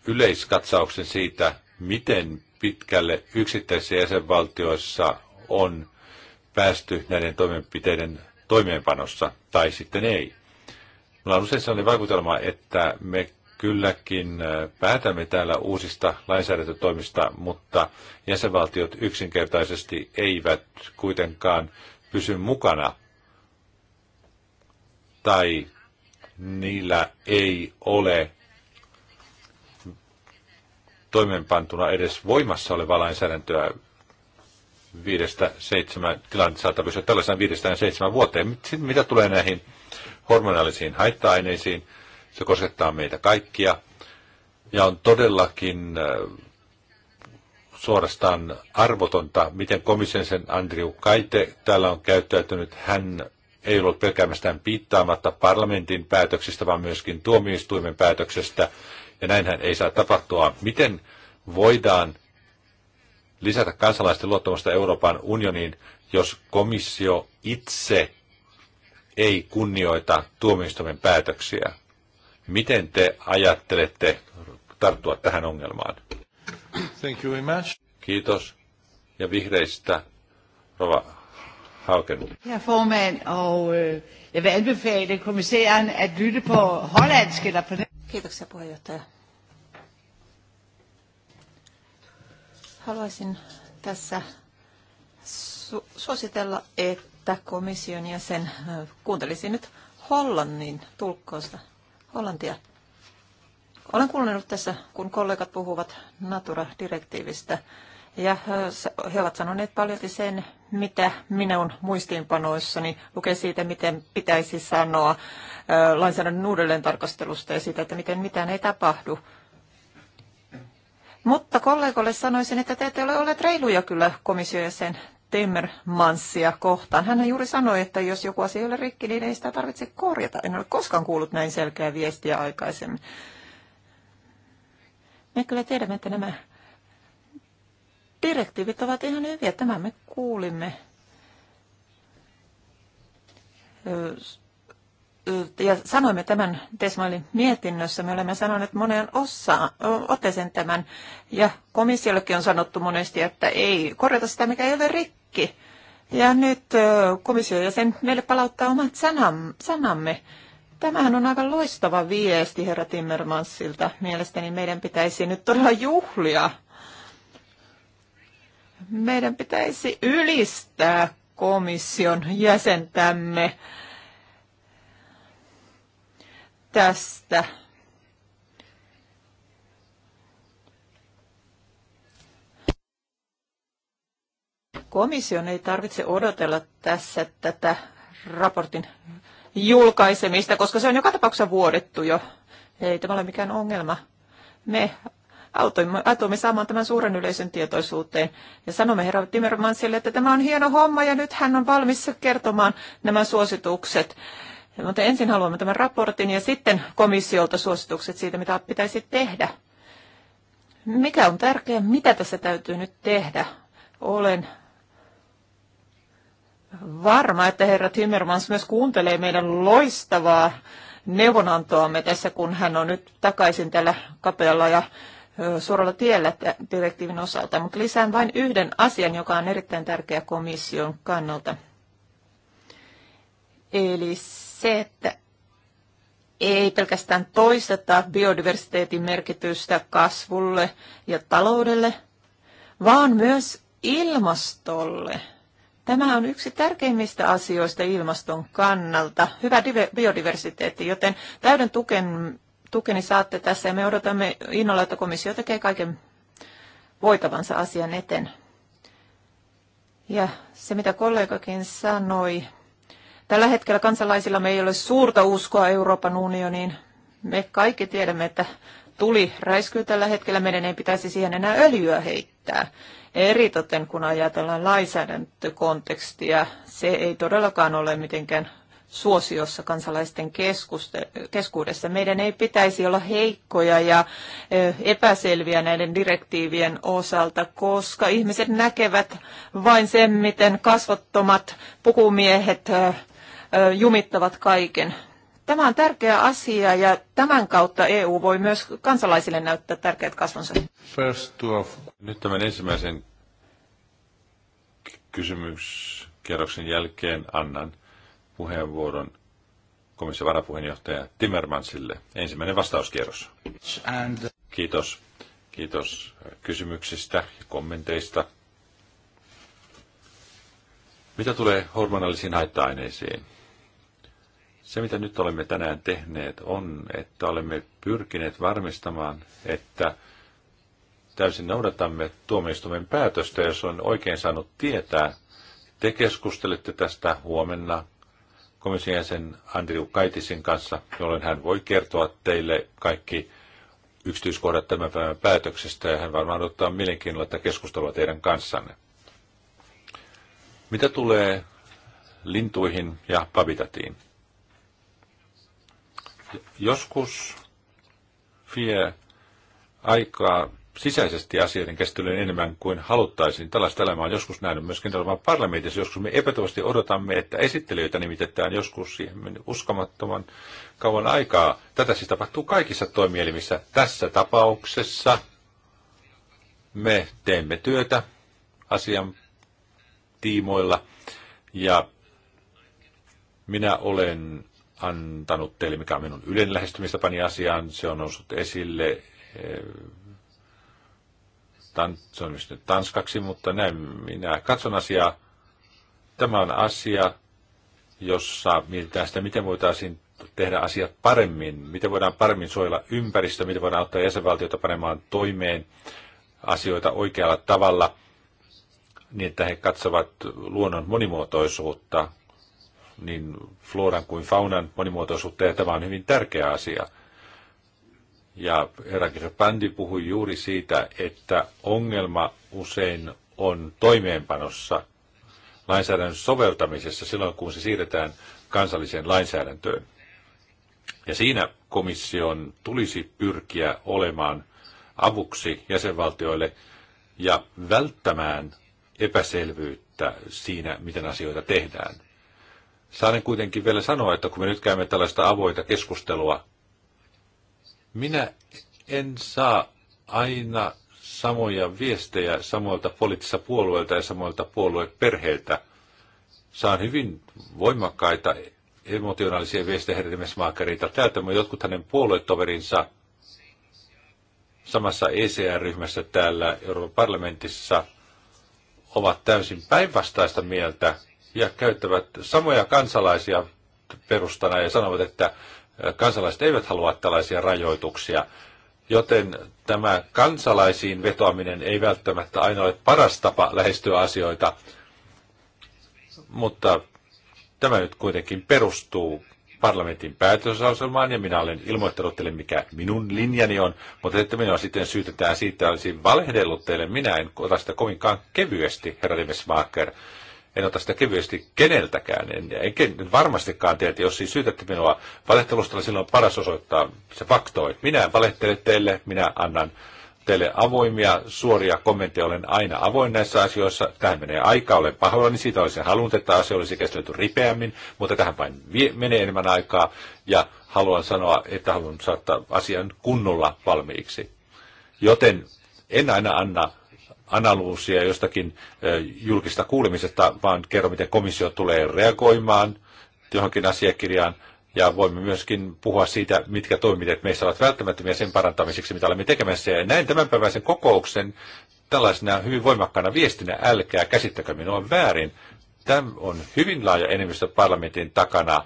yleiskatsauksen siitä, miten pitkälle yksittäisissä jäsenvaltioissa on päästy näiden toimenpiteiden toimeenpanossa, tai sitten ei. Mulla on usein sellainen vaikutelma, että me kylläkin päätämme täällä uusista lainsäädäntötoimista, mutta jäsenvaltiot yksinkertaisesti eivät kuitenkaan pysy mukana tai niillä ei ole toimeenpantuna edes voimassa olevaa lainsäädäntöä viidestä seitsemän, tilanne saattaa pysyä tällaisena viidestä seitsemän vuoteen. Sitten mitä tulee näihin hormonaalisiin haitta-aineisiin, se koskettaa meitä kaikkia. Ja on todellakin äh, suorastaan arvotonta, miten komission sen Andrew Kaite täällä on käyttäytynyt. Hän ei ollut pelkäämästään piittaamatta parlamentin päätöksistä, vaan myöskin tuomioistuimen päätöksestä. Ja näinhän ei saa tapahtua. Miten voidaan lisätä kansalaisten luottamusta Euroopan unioniin, jos komissio itse ei kunnioita tuomioistuimen päätöksiä. Miten te ajattelette tarttua tähän ongelmaan? Thank you very much. Kiitos. Ja vihreistä Rova Hauken.
Herr formand, og øh, jeg vil anbefale kommissæren at lytte på hollandsk eller på Kiitoksia puheenjohtaja. Haluaisin tässä su- suositella, että komission jäsen kuuntelisi nyt Hollannin tulkkausta, Hollantia. Olen kuunnellut tässä, kun kollegat puhuvat Natura-direktiivistä, ja he ovat sanoneet paljon sen, mitä minun muistiinpanoissani lukee siitä, miten pitäisi sanoa lainsäädännön uudelleen tarkastelusta ja siitä, että miten mitään ei tapahdu. Mutta kollegoille sanoisin, että te ette ole olleet reiluja kyllä jäsen Timmermansia kohtaan. Hän juuri sanoi, että jos joku asia ei ole rikki, niin ei sitä tarvitse korjata. En ole koskaan kuullut näin selkeää viestiä aikaisemmin. Me kyllä tiedämme, että nämä direktiivit ovat ihan hyviä. Tämä me kuulimme ja sanoimme tämän Desmailin mietinnössä, me olemme sanoneet moneen ossa, otteeseen tämän, ja komissiollekin on sanottu monesti, että ei korjata sitä, mikä ei ole rikki. Ja nyt komissio ja sen meille palauttaa omat sanamme. Tämähän on aivan loistava viesti herra Timmermansilta. Mielestäni meidän pitäisi nyt todella juhlia. Meidän pitäisi ylistää komission jäsentämme tästä. Komission ei tarvitse odotella tässä tätä raportin julkaisemista, koska se on joka tapauksessa vuodettu jo. Ei tämä ole mikään ongelma. Me autoimme, autoimme saamaan tämän suuren yleisön tietoisuuteen ja sanomme herra Timmermansille, että tämä on hieno homma ja nyt hän on valmis kertomaan nämä suositukset mutta ensin haluamme tämän raportin ja sitten komissiolta suositukset siitä, mitä pitäisi tehdä. Mikä on tärkeää, mitä tässä täytyy nyt tehdä? Olen varma, että herra Timmermans myös kuuntelee meidän loistavaa neuvonantoamme tässä, kun hän on nyt takaisin tällä kapealla ja suoralla tiellä direktiivin osalta. Mutta lisään vain yhden asian, joka on erittäin tärkeä komission kannalta. Eli se, että ei pelkästään toisteta biodiversiteetin merkitystä kasvulle ja taloudelle, vaan myös ilmastolle. Tämä on yksi tärkeimmistä asioista ilmaston kannalta, hyvä biodiversiteetti, joten täyden tuken, tukeni saatte tässä ja me odotamme innolla, että komissio tekee kaiken voitavansa asian eteen. Ja se, mitä kollegakin sanoi, Tällä hetkellä kansalaisilla me ei ole suurta uskoa Euroopan unioniin. Me kaikki tiedämme, että tuli räiskyy tällä hetkellä, meidän ei pitäisi siihen enää öljyä heittää. Eritoten kun ajatellaan lainsäädäntökontekstia, se ei todellakaan ole mitenkään suosiossa kansalaisten keskuudessa. Meidän ei pitäisi olla heikkoja ja epäselviä näiden direktiivien osalta, koska ihmiset näkevät vain sen, miten kasvottomat pukumiehet jumittavat kaiken. Tämä on tärkeä asia ja tämän kautta EU voi myös kansalaisille näyttää tärkeät kasvonsa.
First of, nyt tämän ensimmäisen kysymyskierroksen jälkeen annan puheenvuoron komission varapuheenjohtaja Timmermansille. Ensimmäinen vastauskierros. Kiitos. Kiitos kysymyksistä ja kommenteista. Mitä tulee hormonallisiin haitta-aineisiin? Se, mitä nyt olemme tänään tehneet, on, että olemme pyrkineet varmistamaan, että täysin noudatamme tuomioistuimen päätöstä, jos on oikein saanut tietää. Te keskustelette tästä huomenna komission jäsen Andriu Kaitisin kanssa, jolloin hän voi kertoa teille kaikki yksityiskohdat tämän päivän päätöksestä, ja hän varmaan ottaa mielenkiinnolla tätä keskustelua teidän kanssanne. Mitä tulee lintuihin ja pavitatiin? joskus vie aikaa sisäisesti asioiden käsittelyyn enemmän kuin haluttaisiin. Tällaista elämää on joskus nähnyt myöskin Euroopan parlamentissa. Joskus me epätoivasti odotamme, että esittelijöitä nimitetään joskus siihen uskomattoman kauan aikaa. Tätä siis tapahtuu kaikissa toimielimissä. Tässä tapauksessa me teemme työtä asian tiimoilla ja minä olen antanut teille, mikä on minun yleinen lähestymistapani asiaan. Se on noussut esille eh, se on nyt tanskaksi, mutta näin minä katson asiaa. Tämä on asia, jossa mietitään sitä, miten voitaisiin tehdä asiat paremmin, miten voidaan paremmin suojella ympäristöä, miten voidaan auttaa jäsenvaltiota panemaan toimeen asioita oikealla tavalla, niin että he katsovat luonnon monimuotoisuutta niin floran kuin faunan monimuotoisuutta, ja tämä on hyvin tärkeä asia. Ja herra Kirpandi puhui juuri siitä, että ongelma usein on toimeenpanossa, lainsäädännön soveltamisessa silloin, kun se siirretään kansalliseen lainsäädäntöön. Ja siinä komission tulisi pyrkiä olemaan avuksi jäsenvaltioille ja välttämään epäselvyyttä siinä, miten asioita tehdään. Saan kuitenkin vielä sanoa, että kun me nyt käymme tällaista avoita keskustelua, minä en saa aina samoja viestejä samoilta poliittisilta puolueilta ja samoilta puolueperheiltä. Saan hyvin voimakkaita emotionaalisia viestejä Hermesmaakerilta. Täältä jotkut hänen puoluetoverinsa samassa ECR-ryhmässä täällä Euroopan parlamentissa ovat täysin päinvastaista mieltä ja käyttävät samoja kansalaisia perustana ja sanovat, että äh, kansalaiset eivät halua tällaisia rajoituksia. Joten tämä kansalaisiin vetoaminen ei välttämättä aina ole paras tapa lähestyä asioita, mutta tämä nyt kuitenkin perustuu parlamentin päätösasemaan, ja minä olen ilmoittanut teille, mikä minun linjani on, mutta että minua sitten syytetään siitä, että olisin valehdellut teille. Minä en ota sitä kovinkaan kevyesti, herra Demesmaker. En ota sitä kevyesti keneltäkään, en, en varmastikaan että jos siis syytätte minua valehtelusta, silloin on paras osoittaa se faktoi. Minä en valehtele teille, minä annan teille avoimia, suoria kommentteja. Olen aina avoin näissä asioissa. Tähän menee aika, olen pahoillani. Niin siitä olisin halunnut, että asia olisi käsitelty ripeämmin, mutta tähän vain vie, menee enemmän aikaa. Ja haluan sanoa, että haluan saattaa asian kunnolla valmiiksi. Joten en aina anna analyysiä jostakin julkista kuulemisesta, vaan kerro, miten komissio tulee reagoimaan johonkin asiakirjaan. Ja voimme myöskin puhua siitä, mitkä toimenpiteet meissä ovat välttämättömiä sen parantamiseksi, mitä olemme tekemässä. Ja näin tämänpäiväisen kokouksen tällaisena hyvin voimakkaana viestinä, älkää käsittäkö minua väärin. Tämä on hyvin laaja enemmistö parlamentin takana,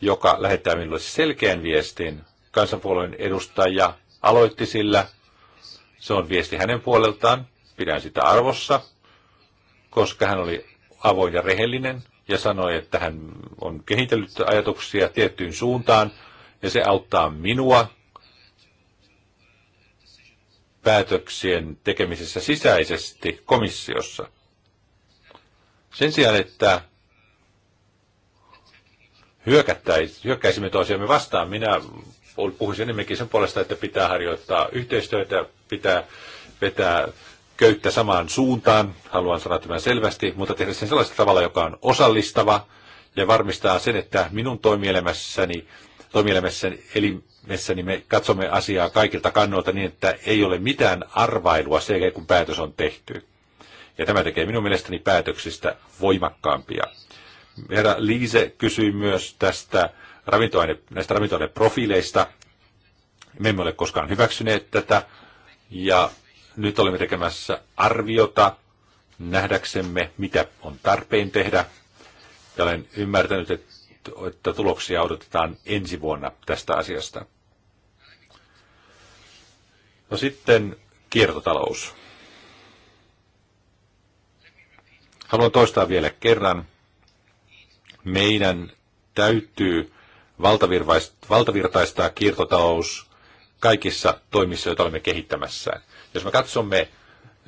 joka lähettää minulle selkeän viestin. Kansanpuolueen edustaja aloitti sillä, se on viesti hänen puoleltaan, pidän sitä arvossa, koska hän oli avoin ja rehellinen ja sanoi, että hän on kehitellyt ajatuksia tiettyyn suuntaan ja se auttaa minua päätöksien tekemisessä sisäisesti komissiossa. Sen sijaan, että hyökkäisimme toisiamme vastaan, minä puhuisin enemmänkin sen puolesta, että pitää harjoittaa yhteistyötä, pitää vetää köyttä samaan suuntaan, haluan sanoa tämän selvästi, mutta tehdä sen sellaisella tavalla, joka on osallistava ja varmistaa sen, että minun toimielämässäni, toimielämässäni elimessäni me katsomme asiaa kaikilta kannalta niin, että ei ole mitään arvailua se, kun päätös on tehty. Ja tämä tekee minun mielestäni päätöksistä voimakkaampia. Herra Liise kysyi myös tästä ravintoaine, näistä ravintoaineprofiileista. Me emme ole koskaan hyväksyneet tätä ja nyt olemme tekemässä arviota nähdäksemme, mitä on tarpeen tehdä. Ja olen ymmärtänyt, että tuloksia odotetaan ensi vuonna tästä asiasta. No sitten kiertotalous. Haluan toistaa vielä kerran. Meidän täytyy valtavirtaistaa kiertotalous kaikissa toimissa, joita olemme kehittämässä. Jos me katsomme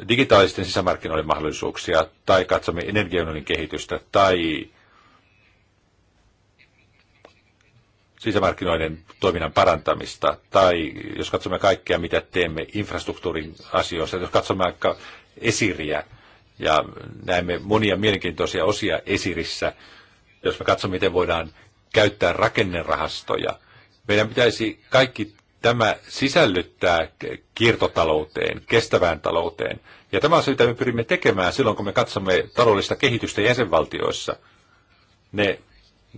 digitaalisten sisämarkkinoiden mahdollisuuksia, tai katsomme energiaunionin kehitystä, tai sisämarkkinoiden toiminnan parantamista, tai jos katsomme kaikkea, mitä teemme infrastruktuurin asioissa, jos katsomme vaikka esiriä, ja näemme monia mielenkiintoisia osia esirissä, jos me katsomme, miten voidaan käyttää rakennerahastoja. Meidän pitäisi kaikki tämä sisällyttää kiertotalouteen, kestävään talouteen. Ja tämä on se, mitä me pyrimme tekemään silloin, kun me katsomme taloudellista kehitystä jäsenvaltioissa. Ne,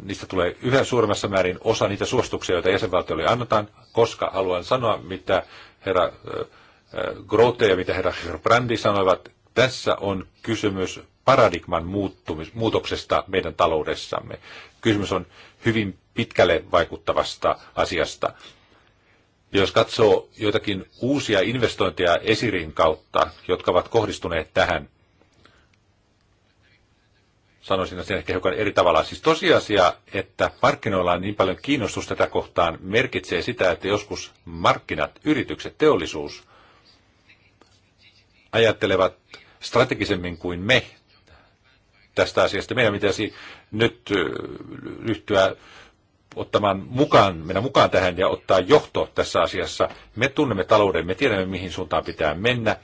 niistä tulee yhä suuremmassa määrin osa niitä suostuksia, joita jäsenvaltioille annetaan, koska haluan sanoa, mitä herra Grote ja mitä herra Brandi sanoivat, tässä on kysymys paradigman muuttumis, muutoksesta meidän taloudessamme. Kysymys on hyvin pitkälle vaikuttavasta asiasta. Jos katsoo joitakin uusia investointeja esirin kautta, jotka ovat kohdistuneet tähän, sanoisin sen ehkä hiukan eri tavalla. Siis tosiasia, että markkinoilla on niin paljon kiinnostusta tätä kohtaan, merkitsee sitä, että joskus markkinat, yritykset, teollisuus ajattelevat strategisemmin kuin me tästä asiasta. Meidän pitäisi nyt ryhtyä ottamaan mukaan, mennä mukaan tähän ja ottaa johto tässä asiassa. Me tunnemme talouden, me tiedämme mihin suuntaan pitää mennä.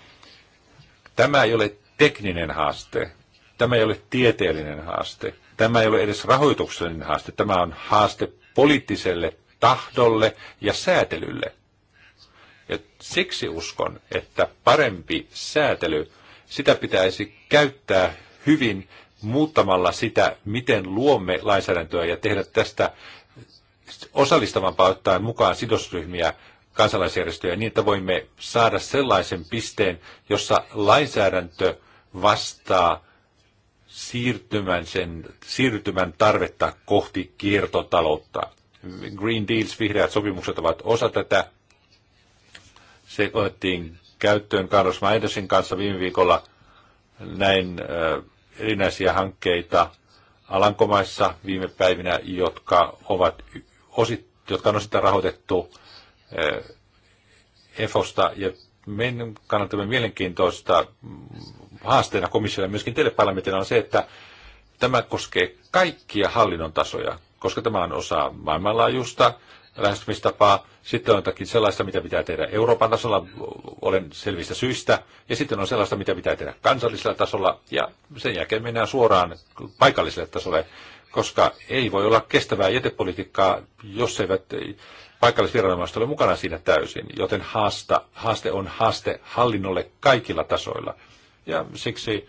Tämä ei ole tekninen haaste, tämä ei ole tieteellinen haaste, tämä ei ole edes rahoituksellinen haaste, tämä on haaste poliittiselle tahdolle ja säätelylle. Ja siksi uskon, että parempi säätely, sitä pitäisi käyttää hyvin muuttamalla sitä, miten luomme lainsäädäntöä ja tehdä tästä osallistavampaa ottaen mukaan sidosryhmiä, kansalaisjärjestöjä, niin että voimme saada sellaisen pisteen, jossa lainsäädäntö vastaa siirtymän, sen, siirtymän tarvetta kohti kiertotaloutta. Green Deals, vihreät sopimukset ovat osa tätä. Se otettiin käyttöön Carlos Maidosin kanssa viime viikolla. Näin äh, erinäisiä hankkeita Alankomaissa viime päivinä, jotka, ovat osit, jotka on osittain rahoitettu eh, EFOsta. Ja meidän kannaltamme mielenkiintoista mm, haasteena komissiolle myöskin teille parlamentilla on se, että tämä koskee kaikkia hallinnon tasoja, koska tämä on osa maailmanlaajuista lähestymistapaa, sitten on jotakin sellaista, mitä pitää tehdä Euroopan tasolla, olen selvistä syistä. Ja sitten on sellaista, mitä pitää tehdä kansallisella tasolla. Ja sen jälkeen mennään suoraan paikalliselle tasolle, koska ei voi olla kestävää jätepolitiikkaa, jos eivät paikallisviranomaiset ole mukana siinä täysin. Joten haasta, haaste on haaste hallinnolle kaikilla tasoilla. Ja siksi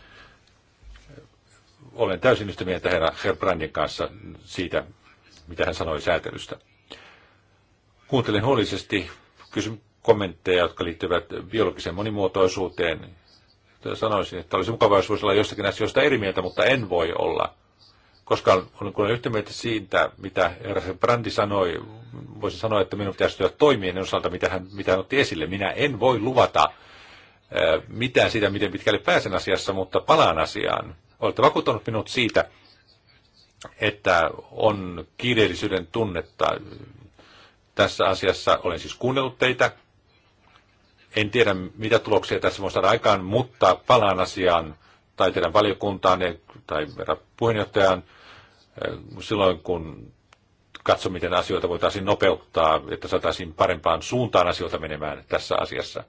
olen täysin yhtä mieltä herra Herbrandin kanssa siitä, mitä hän sanoi säätelystä. Kuuntelen huolisesti kysyn kommentteja, jotka liittyvät biologiseen monimuotoisuuteen. Sanoisin, että olisi mukavaa, jos voisi olla jostakin asioista eri mieltä, mutta en voi olla. Koska kun olen yhtä mieltä siitä, mitä eräs brändi sanoi, voisin sanoa, että minun pitäisi tehdä toimien osalta, mitä hän, mitä hän otti esille. Minä en voi luvata mitään siitä, miten pitkälle pääsen asiassa, mutta palaan asiaan. Olette vakuuttanut minut siitä, että on kiireellisyyden tunnetta tässä asiassa. Olen siis kuunnellut teitä. En tiedä, mitä tuloksia tässä voi saada aikaan, mutta palaan asiaan tai teidän valiokuntaan tai herra puheenjohtajaan eh, silloin, kun katso, miten asioita voitaisiin nopeuttaa, että saataisiin parempaan suuntaan asioita menemään tässä asiassa.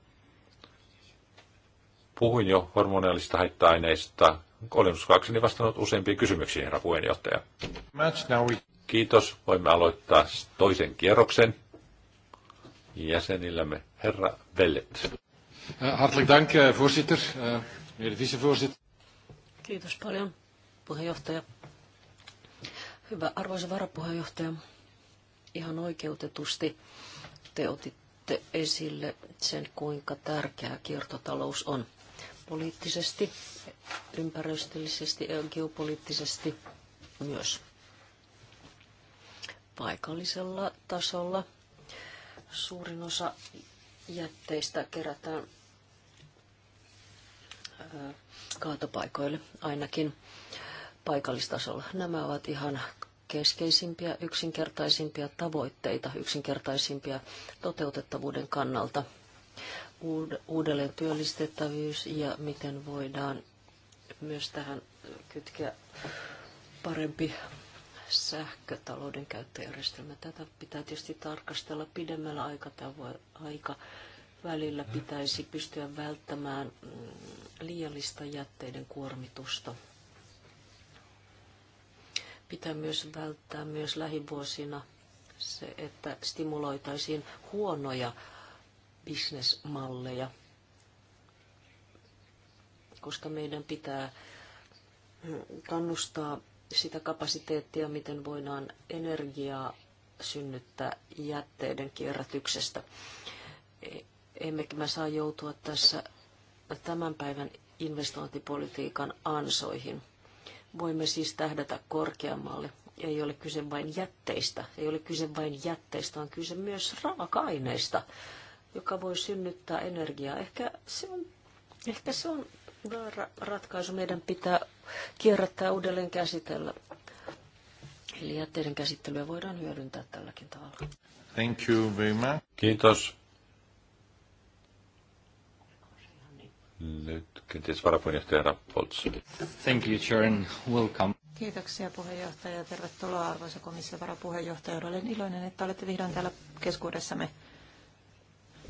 Puhuin jo hormonaalista haitta-aineista. Olen uskoakseni vastannut useampiin kysymyksiin, herra puheenjohtaja. Kiitos. Voimme aloittaa toisen kierroksen jäsenillämme. Herra Vellet. Eh, hartelijk dank, eh, voorzitter. Eh, meneer vicevoorzitter.
Kiitos paljon, puheenjohtaja. Hyvä arvoisa varapuheenjohtaja. Ihan oikeutetusti te otitte esille sen, kuinka tärkeä kiertotalous on poliittisesti, ympäristöllisesti ja geopoliittisesti myös paikallisella tasolla. Suurin osa jätteistä kerätään kaatopaikoille, ainakin paikallistasolla. Nämä ovat ihan keskeisimpiä, yksinkertaisimpia tavoitteita, yksinkertaisimpia toteutettavuuden kannalta. Uudelleen työllistettävyys ja miten voidaan myös tähän kytkeä parempi sähkötalouden käyttöjärjestelmä. Tätä pitää tietysti tarkastella pidemmällä aika välillä mm. pitäisi pystyä välttämään mm, liiallista jätteiden kuormitusta. Pitää myös välttää myös lähivuosina se, että stimuloitaisiin huonoja bisnesmalleja, koska meidän pitää mm, kannustaa sitä kapasiteettia, miten voidaan energiaa synnyttää jätteiden kierrätyksestä. Emmekä mä saa joutua tässä tämän päivän investointipolitiikan ansoihin. Voimme siis tähdätä korkeammalle. Ei ole kyse vain jätteistä, ei ole kyse vain jätteistä, on kyse myös raaka-aineista, joka voi synnyttää energiaa. Ehkä se on, ehkä se on väärä ratkaisu. Meidän pitää kierrättää uudelleen käsitellä. Eli jätteiden käsittelyä voidaan hyödyntää tälläkin tavalla.
Thank you very much. Kiitos. Nyt kenties varapuheenjohtaja Rappolts. Thank you, Sharon. Welcome.
Kiitoksia puheenjohtaja ja tervetuloa arvoisa komission varapuheenjohtaja. Olen iloinen, että olette vihdoin täällä keskuudessamme.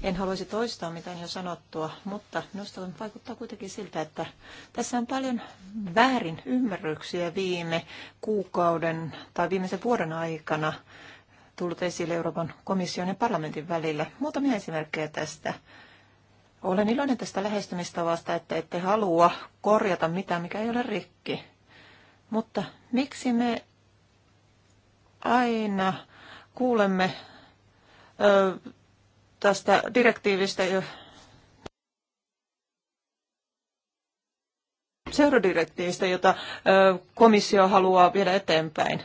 En haluaisi toistaa mitään jo sanottua, mutta minusta vaikuttaa kuitenkin siltä, että tässä on paljon väärin ymmärryksiä viime kuukauden tai viimeisen vuoden aikana tullut esille Euroopan komission ja parlamentin välillä. Muutamia esimerkkejä tästä. Olen iloinen tästä lähestymistavasta, että ette halua korjata mitään, mikä ei ole rikki. Mutta miksi me aina kuulemme Öö, tästä direktiivistä, seuradirektiivistä, jota komissio haluaa viedä eteenpäin.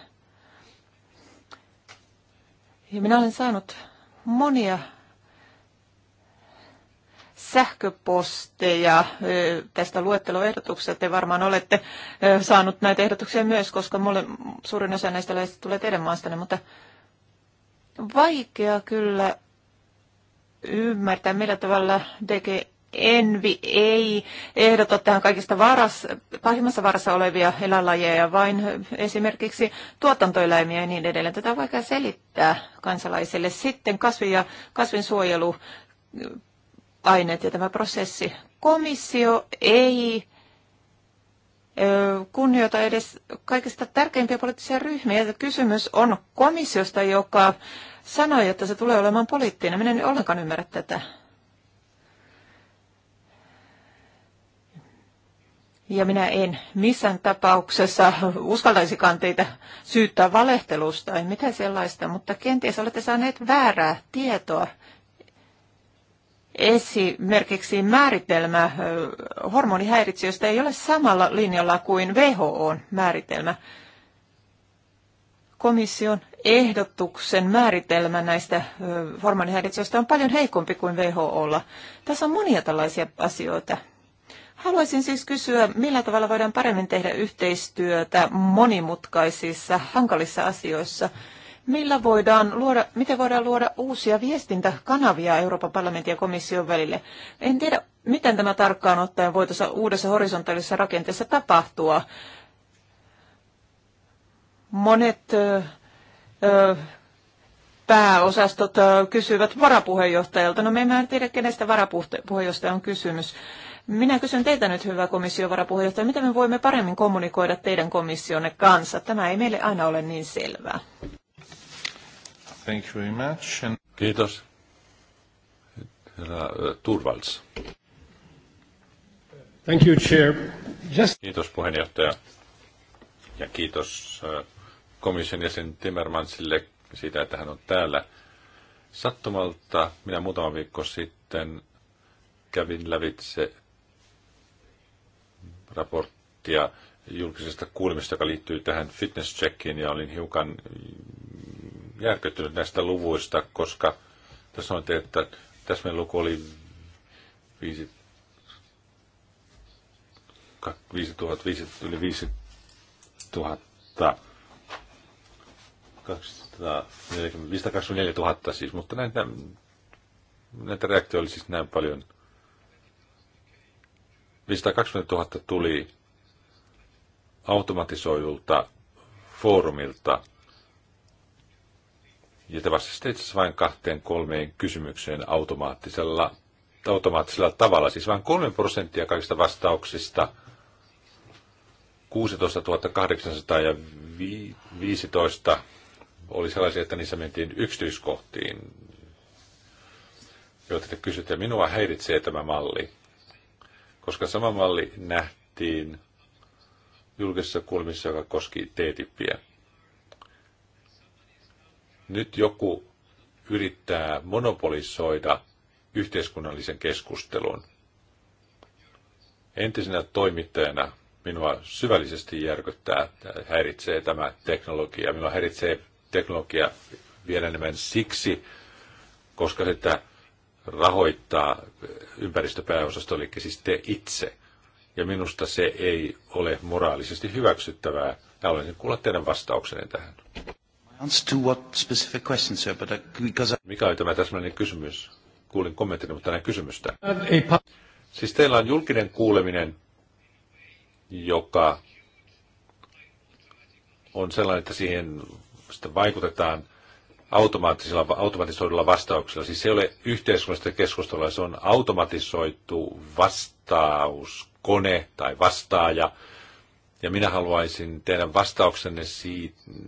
Ja minä olen saanut monia sähköposteja tästä luetteloehdotuksesta. Te varmaan olette saanut näitä ehdotuksia myös, koska mulle suurin osa näistä tulee teidän maastanne, mutta vaikea kyllä ymmärtää, millä tavalla DG Envi ei ehdota tähän kaikista varas, pahimmassa varassa olevia eläinlajeja, vain esimerkiksi tuotantoeläimiä ja niin edelleen. Tätä on vaikea selittää kansalaisille. Sitten kasvi- ja kasvinsuojeluaineet ja tämä prosessi. Komissio ei kunnioita edes kaikista tärkeimpiä poliittisia ryhmiä. Ja kysymys on komissiosta, joka sanoi, että se tulee olemaan poliittinen. Minä en ollenkaan ymmärrä tätä. Ja minä en missään tapauksessa uskaltaisikaan teitä syyttää valehtelusta, tai mitä sellaista, mutta kenties olette saaneet väärää tietoa esimerkiksi määritelmä hormonihäiritsijöistä ei ole samalla linjalla kuin WHOn määritelmä. Komission ehdotuksen määritelmä näistä hormonihäiritsijöistä on paljon heikompi kuin WHOlla. Tässä on monia tällaisia asioita. Haluaisin siis kysyä, millä tavalla voidaan paremmin tehdä yhteistyötä monimutkaisissa, hankalissa asioissa – millä voidaan luoda, miten voidaan luoda uusia viestintäkanavia Euroopan parlamentin ja komission välille. En tiedä, miten tämä tarkkaan ottaen voi tuossa uudessa horisontaalisessa rakenteessa tapahtua. Monet ö, ö, pääosastot kysyvät varapuheenjohtajalta. No me emme tiedä, kenestä varapuheenjohtaja on kysymys. Minä kysyn teitä nyt, hyvä komission varapuheenjohtaja, miten me voimme paremmin kommunikoida teidän komissionne kanssa? Tämä ei meille aina ole niin selvää.
Thank you very much. And... Kiitos. Herra Turvals. Thank you, Chair. Just... Kiitos puheenjohtaja. Ja kiitos komission jäsen Timmermansille siitä, että hän on täällä. Sattumalta minä muutama viikko sitten kävin lävitse raporttia julkisesta kuulemista, joka liittyy tähän fitness checkiin, ja olin hiukan järkyttynyt näistä luvuista, koska tässä sanoitte, että meidän luku oli 5000, yli 524 000 siis, mutta näitä, näitä reaktioita oli siis näin paljon. 520 000 tuli automatisoidulta foorumilta, ja te vastasitte itse asiassa vain kahteen kolmeen kysymykseen automaattisella, automaattisella tavalla. Siis vain 3 prosenttia kaikista vastauksista 16 800 ja 15 oli sellaisia, että niissä mentiin yksityiskohtiin, joita te kysytte. Minua häiritsee tämä malli, koska sama malli nähtiin julkisessa kulmissa, joka koski T-tippiä. Nyt joku yrittää monopolisoida yhteiskunnallisen keskustelun. Entisenä toimittajana minua syvällisesti järkyttää, häiritsee tämä teknologia. Minua häiritsee teknologia vielä enemmän siksi, koska sitä rahoittaa ympäristöpääosasto, eli siis te itse. Ja minusta se ei ole moraalisesti hyväksyttävää. Ja haluaisin kuulla teidän vastauksenne tähän. Mikä oli tämä täsmällinen kysymys? Kuulin kommentin, mutta näin kysymystä. Äh, siis teillä on julkinen kuuleminen, joka on sellainen, että siihen sitä vaikutetaan automaattisilla, automatisoidulla vastauksilla. Siis se ei ole yhteiskunnallista keskustelua, se on automatisoitu vastauskone tai vastaaja – ja minä haluaisin tehdä vastauksenne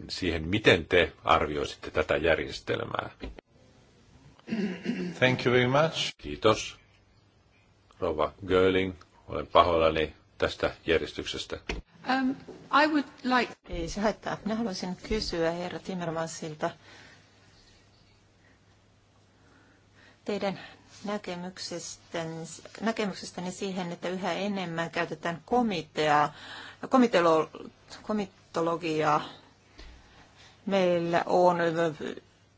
siihen, miten te arvioisitte tätä järjestelmää. Thank you very much. Kiitos. Rova Görling, olen pahoillani tästä järjestyksestä. Um,
I would like... Ei se haittaa. Minä haluaisin kysyä herra Timmermansilta teidän näkemyksestäni, näkemyksestäni siihen, että yhä enemmän käytetään komiteaa, komitelo, komitologiaa. Meillä on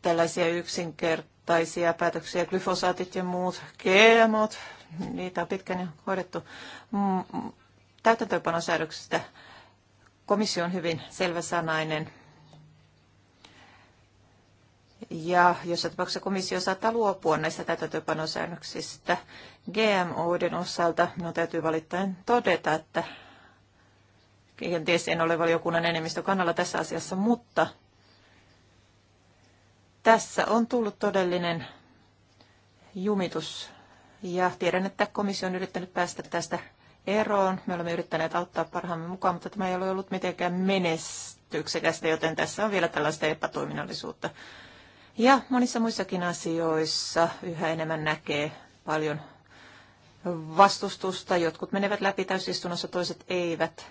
tällaisia yksinkertaisia päätöksiä, glyfosaatit ja muut, GMOt, niitä on pitkään jo hoidettu. Täytäntöönpanosäädöksestä komissio on hyvin selväsanainen ja jos tapauksessa komissio saattaa luopua näistä täytäntöpanosäännöksistä GMOiden osalta, minun täytyy valittain todeta, että kenties en ole valiokunnan enemmistö kannalla tässä asiassa, mutta tässä on tullut todellinen jumitus ja tiedän, että komissio on yrittänyt päästä tästä eroon. Me olemme yrittäneet auttaa parhaamme mukaan, mutta tämä ei ole ollut mitenkään menestyksekästä, joten tässä on vielä tällaista epätoiminnallisuutta. Ja monissa muissakin asioissa yhä enemmän näkee paljon vastustusta. Jotkut menevät läpi täysistunnossa, toiset eivät.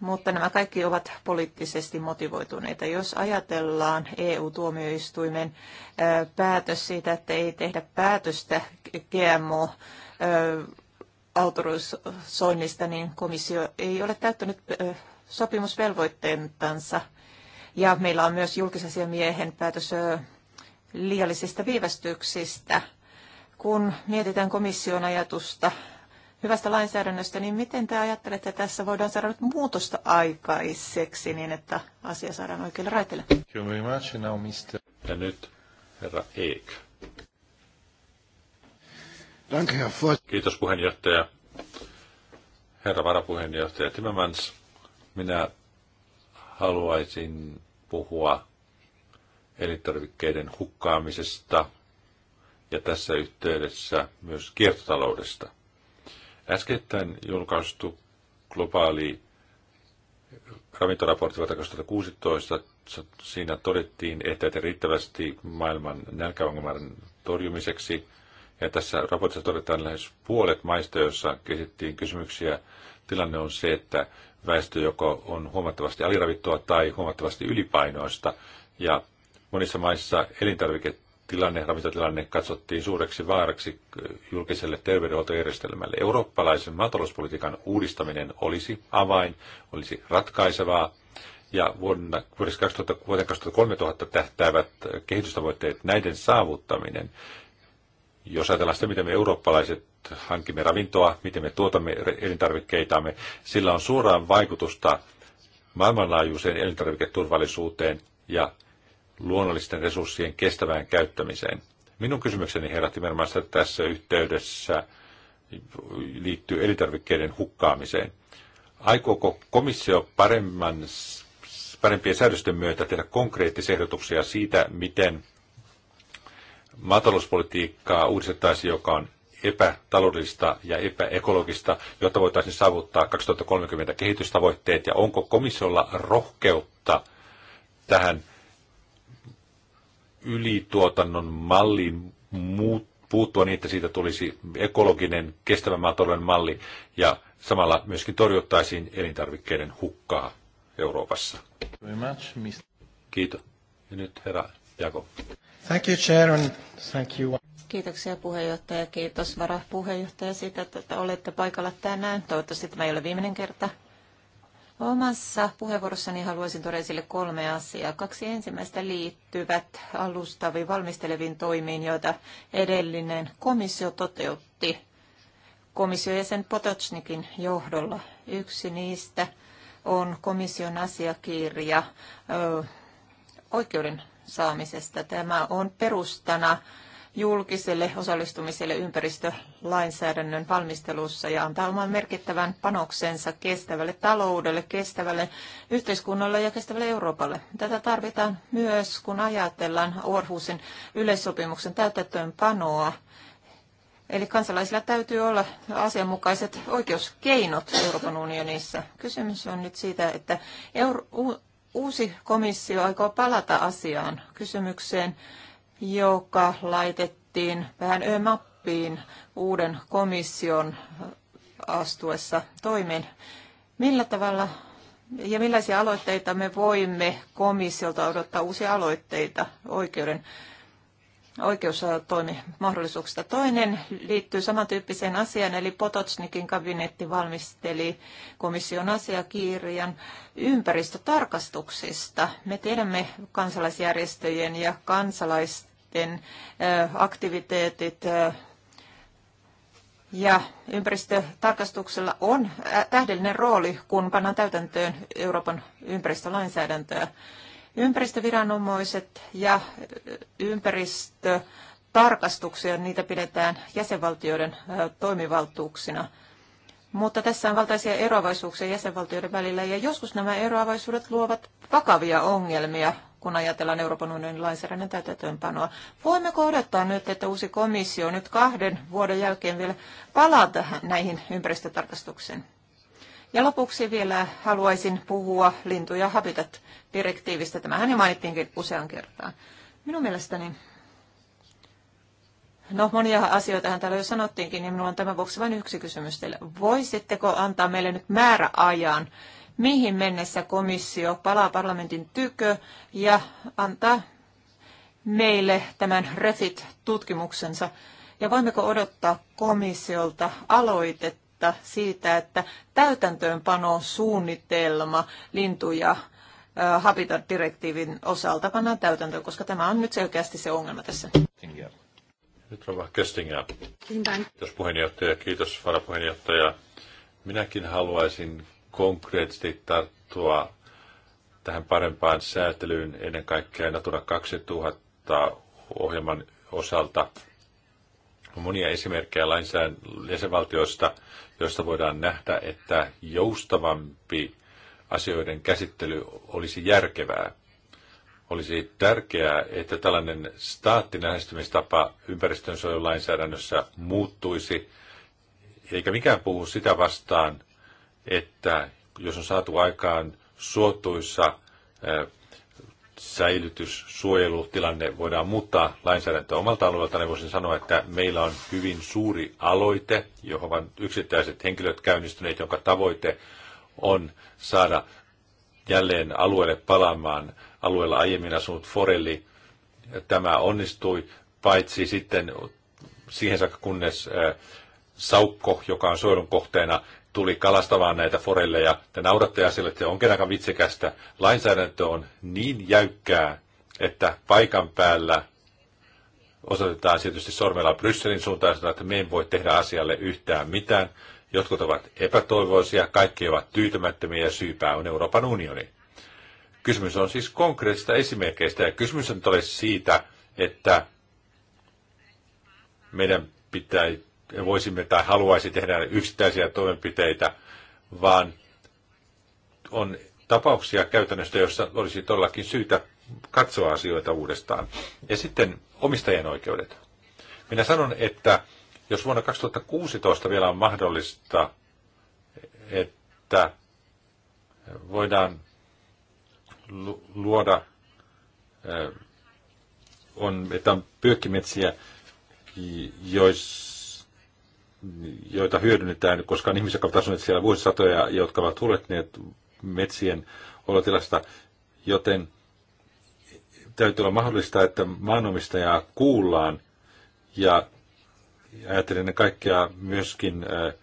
Mutta nämä kaikki ovat poliittisesti motivoituneita. Jos ajatellaan EU-tuomioistuimen päätös siitä, että ei tehdä päätöstä GMO autorisoinnista, niin komissio ei ole täyttänyt sopimusvelvoitteentansa – ja meillä on myös julkisasiamiehen päätös liiallisista viivästyksistä. Kun mietitään komission ajatusta hyvästä lainsäädännöstä, niin miten te ajattelette, että tässä voidaan saada nyt muutosta aikaiseksi niin, että asia saadaan oikealle raiteille?
Ja nyt herra Eek. Kiitos puheenjohtaja. Herra varapuheenjohtaja Timmermans, minä haluaisin puhua elintarvikkeiden hukkaamisesta ja tässä yhteydessä myös kiertotaloudesta. Äskettäin julkaistu globaali ravintoraportti vuotta 2016, siinä todettiin, että ei riittävästi maailman nälkäongelman torjumiseksi. Ja tässä raportissa todetaan lähes puolet maista, joissa kysyttiin kysymyksiä. Tilanne on se, että väestö joko on huomattavasti aliravittua tai huomattavasti ylipainoista. Ja monissa maissa elintarviketilanne, ravintotilanne katsottiin suureksi vaaraksi julkiselle terveydenhuoltojärjestelmälle. Eurooppalaisen maatalouspolitiikan uudistaminen olisi avain, olisi ratkaisevaa. Ja vuonna, vuodessa 2000, vuoteen 2030 tähtäävät kehitystavoitteet, näiden saavuttaminen, jos ajatellaan sitä, mitä me eurooppalaiset hankimme ravintoa, miten me tuotamme elintarvikkeitamme, sillä on suoraan vaikutusta maailmanlaajuiseen elintarviketurvallisuuteen ja luonnollisten resurssien kestävään käyttämiseen. Minun kysymykseni herätti Timmermans tässä yhteydessä liittyy elintarvikkeiden hukkaamiseen. Aikooko komissio paremman, parempien säädösten myötä tehdä konkreettisia ehdotuksia siitä, miten maatalouspolitiikkaa uudistettaisiin, joka on epätaloudellista ja epäekologista, jotta voitaisiin saavuttaa 2030 kehitystavoitteet, ja onko komissiolla rohkeutta tähän ylituotannon malliin muut, puuttua niin, että siitä tulisi ekologinen, kestävä maatalouden malli, ja samalla myöskin torjuttaisiin elintarvikkeiden hukkaa Euroopassa. Kiitos. Ja nyt herra Jako.
Thank you, Chair, and thank you. Kiitoksia puheenjohtaja. Kiitos varapuheenjohtaja siitä, että olette paikalla tänään. Toivottavasti tämä ei ole viimeinen kerta. Omassa puheenvuorossani haluaisin tuoda esille kolme asiaa. Kaksi ensimmäistä liittyvät alustaviin valmisteleviin toimiin, joita edellinen komissio toteutti komissiojäsen Potocnikin johdolla. Yksi niistä on komission asiakirja ö, oikeuden saamisesta. Tämä on perustana julkiselle osallistumiselle ympäristölainsäädännön valmistelussa ja antaa oman merkittävän panoksensa kestävälle taloudelle, kestävälle yhteiskunnalle ja kestävälle Euroopalle. Tätä tarvitaan myös, kun ajatellaan Orhusin yleissopimuksen täytäntöönpanoa. Eli kansalaisilla täytyy olla asianmukaiset oikeuskeinot Euroopan unionissa. Kysymys on nyt siitä, että Euro- uusi komissio aikoo palata asiaan kysymykseen joka laitettiin vähän ömappiin uuden komission astuessa toimeen. Millä tavalla ja millaisia aloitteita me voimme komissiolta odottaa uusia aloitteita oikeuden oikeustoimi mahdollisuuksista. Toinen liittyy samantyyppiseen asiaan, eli Potocnikin kabinetti valmisteli komission asiakirjan ympäristötarkastuksista. Me tiedämme kansalaisjärjestöjen ja kansalais sitten aktiviteetit ja ympäristötarkastuksella on tähdellinen rooli, kun pannaan täytäntöön Euroopan ympäristölainsäädäntöä. Ympäristöviranomaiset ja ympäristötarkastuksia, niitä pidetään jäsenvaltioiden toimivaltuuksina. Mutta tässä on valtaisia eroavaisuuksia jäsenvaltioiden välillä ja joskus nämä eroavaisuudet luovat vakavia ongelmia kun ajatellaan Euroopan unionin lainsäädännön täytäntöönpanoa. Voimmeko odottaa nyt, että uusi komissio nyt kahden vuoden jälkeen vielä palaa tähän, näihin ympäristötarkastuksiin? Ja lopuksi vielä haluaisin puhua lintu- ja habitat-direktiivistä. Tämähän jo mainittiinkin usean kertaan. Minun mielestäni, no monia asioitahan täällä jo sanottiinkin, niin minulla on tämän vuoksi vain yksi kysymys teille. Voisitteko antaa meille nyt määräajan mihin mennessä komissio palaa parlamentin tykö ja antaa meille tämän REFIT-tutkimuksensa. Ja voimmeko odottaa komissiolta aloitetta siitä, että täytäntöönpano suunnitelma lintu- ja Habitat-direktiivin osalta pannaan täytäntöön, koska tämä on nyt selkeästi se ongelma tässä.
Nyt rouva Köstinger.
Kiitos
puheenjohtaja, kiitos varapuheenjohtaja. Minäkin haluaisin konkreettisesti tarttua tähän parempaan säätelyyn ennen kaikkea Natura 2000 ohjelman osalta. On monia esimerkkejä lainsään jäsenvaltioista, joista voidaan nähdä, että joustavampi asioiden käsittely olisi järkevää. Olisi tärkeää, että tällainen staattinen lähestymistapa ympäristönsuojelulainsäädännössä muuttuisi, eikä mikään puhu sitä vastaan, että jos on saatu aikaan suotuissa säilytys, suojelutilanne, voidaan muuttaa lainsäädäntöä omalta alueelta, niin voisin sanoa, että meillä on hyvin suuri aloite, johon ovat yksittäiset henkilöt käynnistyneet, jonka tavoite on saada jälleen alueelle palaamaan alueella aiemmin asunut forelli. Tämä onnistui paitsi sitten siihen saakka, kunnes saukko, joka on suojelun kohteena, tuli kalastamaan näitä forelleja. Te nauratte asialle, että onkin aika vitsikästä. Lainsäädäntö on niin jäykkää, että paikan päällä osoitetaan tietysti sormella Brysselin suuntaan, että me ei voi tehdä asialle yhtään mitään. Jotkut ovat epätoivoisia, kaikki ovat tyytymättömiä ja syypää on Euroopan unioni. Kysymys on siis konkreettista esimerkkeistä ja kysymys on siitä, että meidän pitää voisimme tai haluaisi tehdä yksittäisiä toimenpiteitä, vaan on tapauksia käytännössä, joissa olisi todellakin syytä katsoa asioita uudestaan. Ja sitten omistajien oikeudet. Minä sanon, että jos vuonna 2016 vielä on mahdollista, että voidaan luoda, on, että on pyökkimetsiä, joissa joita hyödynnetään, koska on ihmisiä, jotka ovat asuneet siellä vuosisatoja, jotka ovat huolehtineet metsien olotilasta, joten täytyy olla mahdollista, että maanomistajaa kuullaan ja ajattelen ne kaikkea myöskin äh,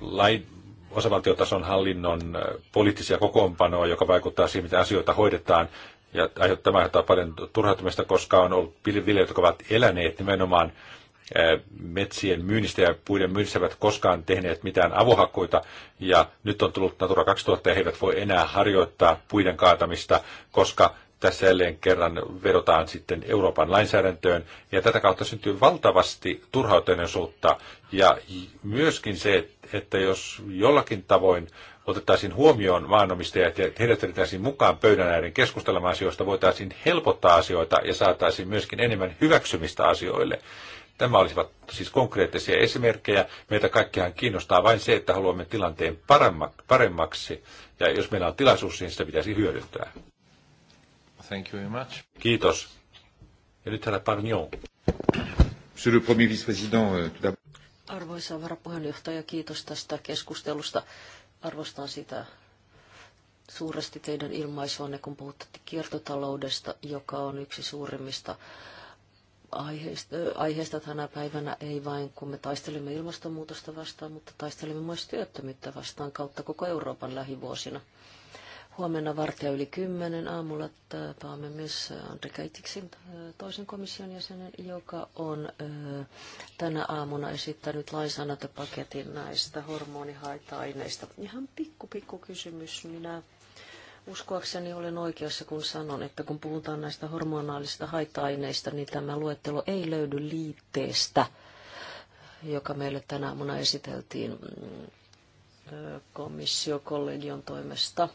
lain, osavaltiotason hallinnon äh, poliittisia kokoonpanoa, joka vaikuttaa siihen, miten asioita hoidetaan. Ja aiheuttaa, aiheuttaa paljon turhautumista, koska on ollut viljelijöitä, jotka ovat eläneet nimenomaan metsien myynnistä ja puiden myynnistä eivät koskaan tehneet mitään avohakkuita ja nyt on tullut Natura 2000 ja he eivät voi enää harjoittaa puiden kaatamista, koska tässä jälleen kerran vedotaan sitten Euroopan lainsäädäntöön ja tätä kautta syntyy valtavasti turhautuneisuutta ja myöskin se, että jos jollakin tavoin otettaisiin huomioon maanomistajat ja heidät otettaisiin mukaan pöydän ääreen keskustelemaan asioista, voitaisiin helpottaa asioita ja saataisiin myöskin enemmän hyväksymistä asioille. Tämä olisivat siis konkreettisia esimerkkejä. Meitä kaikkihan kiinnostaa vain se, että haluamme tilanteen paremmaksi. Ja jos meillä on tilaisuus, niin sitä pitäisi hyödyntää. Thank you very much. Kiitos. Ja nyt herra Parnion. Euh,
Arvoisa varapuheenjohtaja, kiitos tästä keskustelusta. Arvostan sitä suuresti teidän ilmaisuanne, kun puhutte kiertotaloudesta, joka on yksi suurimmista aiheesta. Aiheesta tänä päivänä ei vain, kun me taistelemme ilmastonmuutosta vastaan, mutta taistelemme myös työttömyyttä vastaan kautta koko Euroopan lähivuosina. Huomenna vartija yli kymmenen aamulla tapaamme myös Andre Keitiksin äh, toisen komission jäsenen, joka on äh, tänä aamuna esittänyt lainsäädäntöpaketin näistä hormonihaita aineista Ihan pikku, pikku kysymys. Minä Uskoakseni olen oikeassa, kun sanon, että kun puhutaan näistä hormonaalista haitta-aineista, niin tämä luettelo ei löydy liitteestä, joka meille tänä aamuna esiteltiin mm, komissiokollegion toimesta.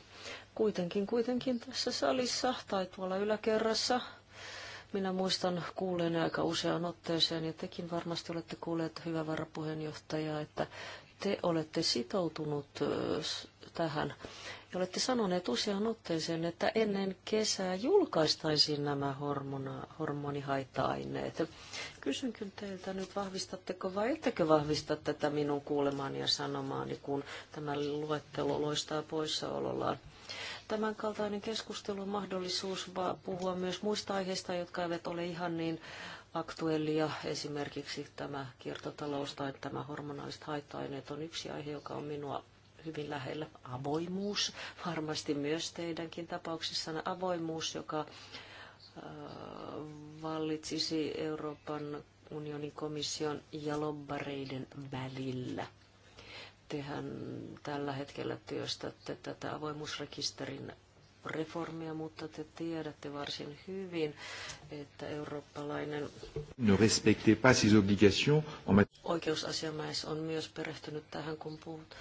Kuitenkin, kuitenkin tässä salissa tai tuolla yläkerrassa minä muistan kuulleeni aika useaan otteeseen, ja tekin varmasti olette kuulleet, hyvä varapuheenjohtaja, että te olette sitoutunut tähän ja olette sanoneet usean otteeseen, että ennen kesää julkaistaisiin nämä hormona, hormonihaitta-aineet. Kysynkin teiltä nyt, vahvistatteko vai ettekö vahvista tätä minun kuulemaani ja sanomaani, kun tämä luettelo loistaa poissaolollaan? Tämänkaltainen keskustelu on mahdollisuus puhua myös muista aiheista, jotka eivät ole ihan niin aktuellia. Esimerkiksi tämä kiertotalous tai tämä hormonaaliset haitta-aineet on yksi aihe, joka on minua hyvin lähellä. Avoimuus, varmasti myös teidänkin tapauksessanne avoimuus, joka äh, vallitsisi Euroopan unionin komission ja lobbareiden välillä. Tehän tällä hetkellä työstätte tätä avoimuusrekisterin reformia, mutta te tiedätte varsin hyvin, että eurooppalainen
ne pas ses
oikeusasiamies on myös perehtynyt tähän, kun puhut,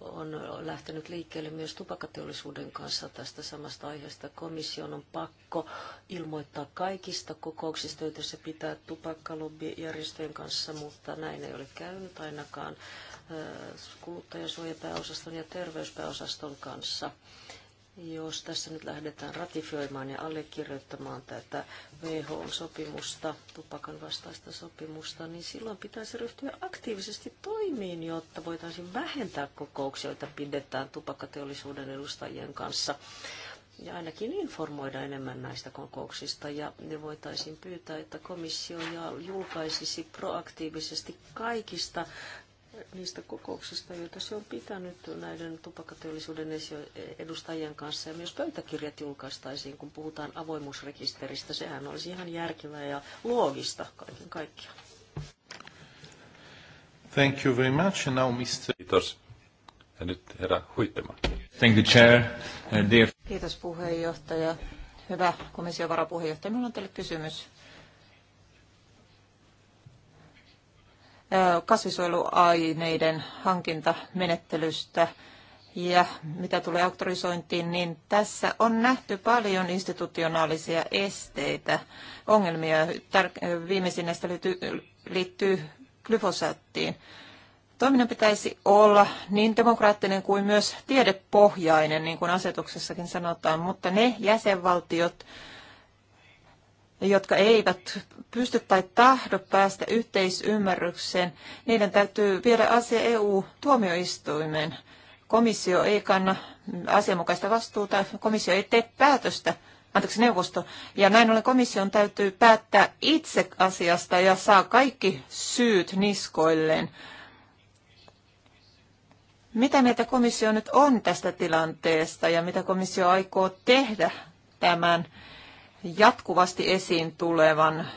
on lähtenyt liikkeelle myös tupakateollisuuden kanssa tästä samasta aiheesta. Komission on pakko ilmoittaa kaikista kokouksista, joita se pitää tupakkalobbijärjestöjen kanssa, mutta näin ei ole käynyt ainakaan äh, kuluttajansuojapääosaston ja terveyspääosaston kanssa. Jos tässä nyt lähdetään ratifioimaan ja allekirjoittamaan tätä WHO-sopimusta, tupakan vastaista sopimusta, niin silloin pitäisi ryhtyä aktiivisesti toimiin, jotta voitaisiin vähentää kokouksia, joita pidetään tupakkateollisuuden edustajien kanssa ja ainakin informoida enemmän näistä kokouksista ja ne voitaisiin pyytää, että komissio julkaisisi proaktiivisesti kaikista niistä kokouksista, joita se on pitänyt näiden tupakkateollisuuden edustajien kanssa. Ja myös pöytäkirjat julkaistaisiin, kun puhutaan avoimuusrekisteristä. Sehän olisi ihan järkevää ja loogista kaiken kaikkiaan.
Thank you very much. And now Mr. Kiitos. Ja nyt herra Huittema. Thank you, Chair. Uh, dear...
Kiitos puheenjohtaja. Hyvä komission varapuheenjohtaja. Minulla on teille kysymys. kasvisuojeluaineiden hankintamenettelystä. Ja mitä tulee auktorisointiin, niin tässä on nähty paljon institutionaalisia esteitä, ongelmia. Tar- viimeisin näistä liittyy, liittyy glyfosaattiin. Toiminnan pitäisi olla niin demokraattinen kuin myös tiedepohjainen, niin kuin asetuksessakin sanotaan, mutta ne jäsenvaltiot, jotka eivät pysty tai tahdo päästä yhteisymmärrykseen, niiden täytyy viedä asia EU-tuomioistuimeen. Komissio ei kanna asianmukaista vastuuta, komissio ei tee päätöstä, anteeksi neuvosto, ja näin ollen komission täytyy päättää itse asiasta ja saa kaikki syyt niskoilleen. Mitä meitä komissio nyt on tästä tilanteesta ja mitä komissio aikoo tehdä tämän jatkuvasti esiin tulevan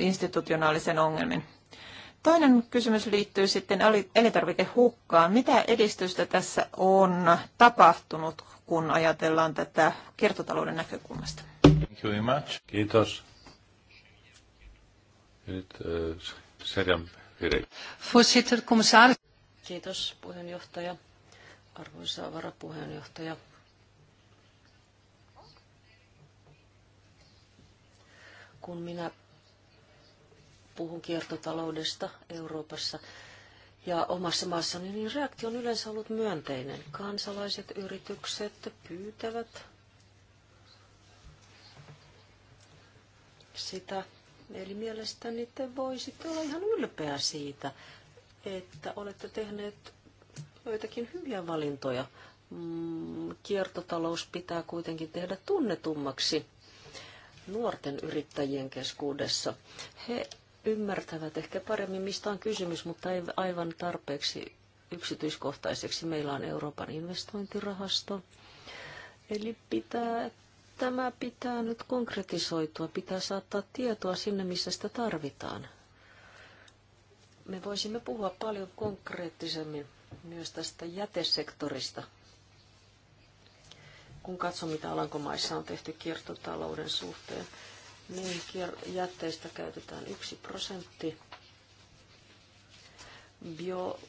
institutionaalisen ongelmin. Toinen kysymys liittyy sitten elintarvikehukkaan. Mitä edistystä tässä on tapahtunut, kun ajatellaan tätä kiertotalouden näkökulmasta?
Thank you very much. Kiitos. Nyt
äh,
Kiitos puheenjohtaja, arvoisa varapuheenjohtaja. kun minä puhun kiertotaloudesta Euroopassa ja omassa maassani, niin reaktio on yleensä ollut myönteinen. Kansalaiset, yritykset pyytävät sitä. Eli mielestäni te voisitte olla ihan ylpeä siitä, että olette tehneet joitakin hyviä valintoja. Mm, kiertotalous pitää kuitenkin tehdä tunnetummaksi nuorten yrittäjien keskuudessa. He ymmärtävät ehkä paremmin, mistä on kysymys, mutta ei aivan tarpeeksi yksityiskohtaiseksi. Meillä on Euroopan investointirahasto. Eli pitää, tämä pitää nyt konkretisoitua, pitää saattaa tietoa sinne, missä sitä tarvitaan. Me voisimme puhua paljon konkreettisemmin myös tästä jätesektorista – kun katson, mitä Alankomaissa on tehty kiertotalouden suhteen, niin jätteistä käytetään yksi prosentti. Bio,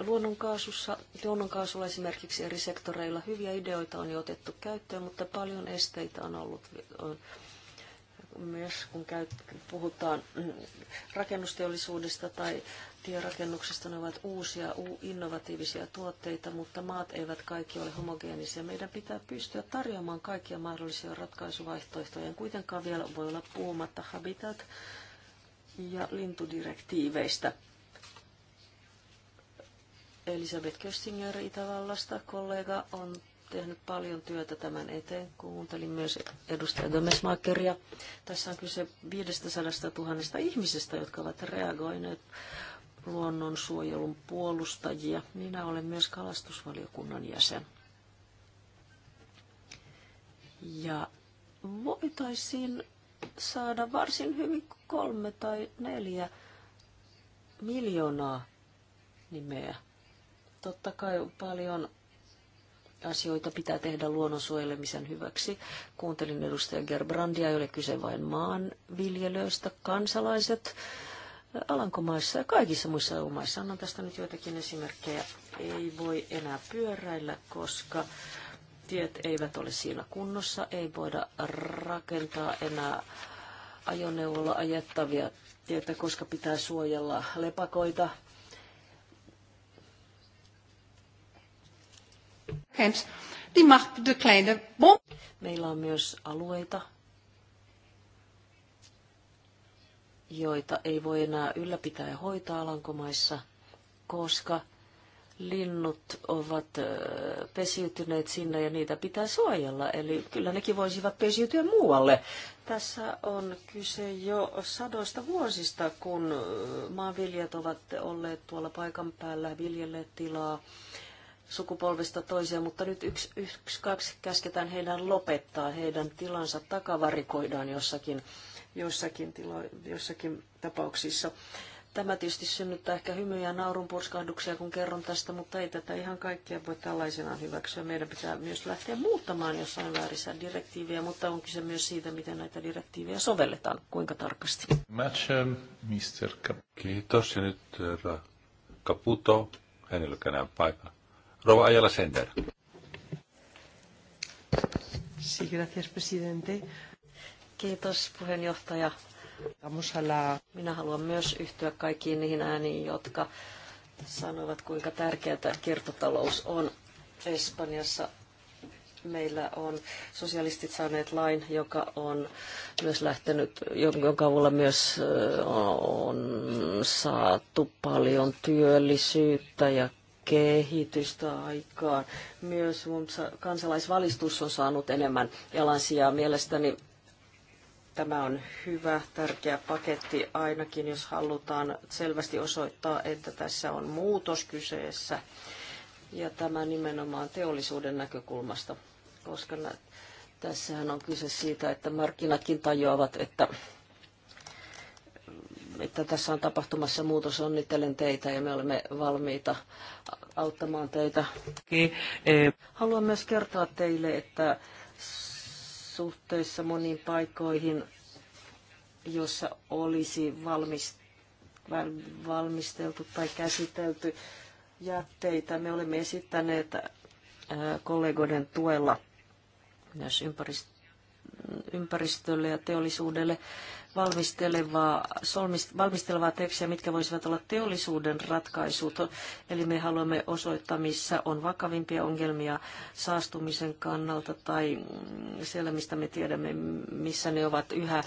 luonnonkaasussa, luonnonkaasulla esimerkiksi eri sektoreilla hyviä ideoita on jo otettu käyttöön, mutta paljon esteitä on ollut. On, myös kun käy, puhutaan mm, rakennusteollisuudesta tai tierakennuksesta, ne ovat uusia, innovatiivisia tuotteita, mutta maat eivät kaikki ole homogeenisia. Meidän pitää pystyä tarjoamaan kaikkia mahdollisia ratkaisuvaihtoehtoja. En kuitenkaan vielä voi olla puhumatta habitat ja lintudirektiiveistä. Elisabeth Köstinger Itävallasta kollega on tehnyt paljon työtä tämän eteen. Kuuntelin myös edustaja Domesmakeria. Tässä on kyse 500 000 ihmisestä, jotka ovat reagoineet luonnonsuojelun puolustajia. Minä olen myös kalastusvaliokunnan jäsen. Ja voitaisiin saada varsin hyvin kolme tai neljä miljoonaa nimeä. Totta kai paljon asioita pitää tehdä suojelemisen hyväksi. Kuuntelin edustaja Gerbrandia, ei ole kyse vain maanviljelijöistä, kansalaiset Alankomaissa ja kaikissa muissa EU-maissa. Annan tästä nyt joitakin esimerkkejä. Ei voi enää pyöräillä, koska tiet eivät ole siinä kunnossa, ei voida rakentaa enää ajoneuvolla ajettavia tietä, koska pitää suojella lepakoita, Hence, die de kleine bom. Meillä on myös alueita, joita ei voi enää ylläpitää ja hoitaa Alankomaissa, koska linnut ovat pesiytyneet sinne ja niitä pitää suojella. Eli kyllä nekin voisivat pesiytyä muualle. Tässä on kyse jo sadoista vuosista, kun maanviljat ovat olleet tuolla paikan päällä, viljelleet tilaa sukupolvesta toiseen, mutta nyt yksi, yksi kaksi käsketään heidän lopettaa, heidän tilansa takavarikoidaan jossakin, jossakin, tilo, jossakin tapauksissa. Tämä tietysti synnyttää ehkä hymyjä ja naurun purskahduksia, kun kerron tästä, mutta ei tätä ihan kaikkea voi tällaisenaan hyväksyä. Meidän pitää myös lähteä muuttamaan jossain väärissä direktiivejä, mutta on kyse myös siitä, miten näitä direktiivejä sovelletaan,
kuinka tarkasti. Mr. Eh, Kiitos ja nyt eh, Caputo, hänellä paikalla. Rova Sender.
Sí, gracias, presidente. Kiitos puheenjohtaja. Minä haluan myös yhtyä kaikkiin niihin ääniin, jotka sanovat, kuinka tärkeää kiertotalous on Espanjassa. Meillä on sosialistit saaneet lain, joka on myös lähtenyt, jonka avulla myös on saatu paljon työllisyyttä ja kehitystä aikaan. Myös kansalaisvalistus on saanut enemmän jalansijaa. Mielestäni tämä on hyvä, tärkeä paketti, ainakin jos halutaan selvästi osoittaa, että tässä on muutos kyseessä. Ja tämä nimenomaan teollisuuden näkökulmasta, koska nä- tässähän on kyse siitä, että markkinatkin tajuavat, että että tässä on tapahtumassa muutos. Onnittelen teitä ja me olemme valmiita auttamaan teitä. Eh, Haluan myös kertoa teille, että suhteessa moniin paikoihin, jossa olisi valmisteltu tai käsitelty jätteitä, me olemme esittäneet eh, kollegoiden tuella myös ympäristö ympäristölle ja teollisuudelle valmistelevaa, valmistelevaa tekstiä, mitkä voisivat olla teollisuuden ratkaisut. Eli me haluamme osoittaa, missä on vakavimpia ongelmia saastumisen kannalta tai siellä, mistä me tiedämme, missä ne ovat yhä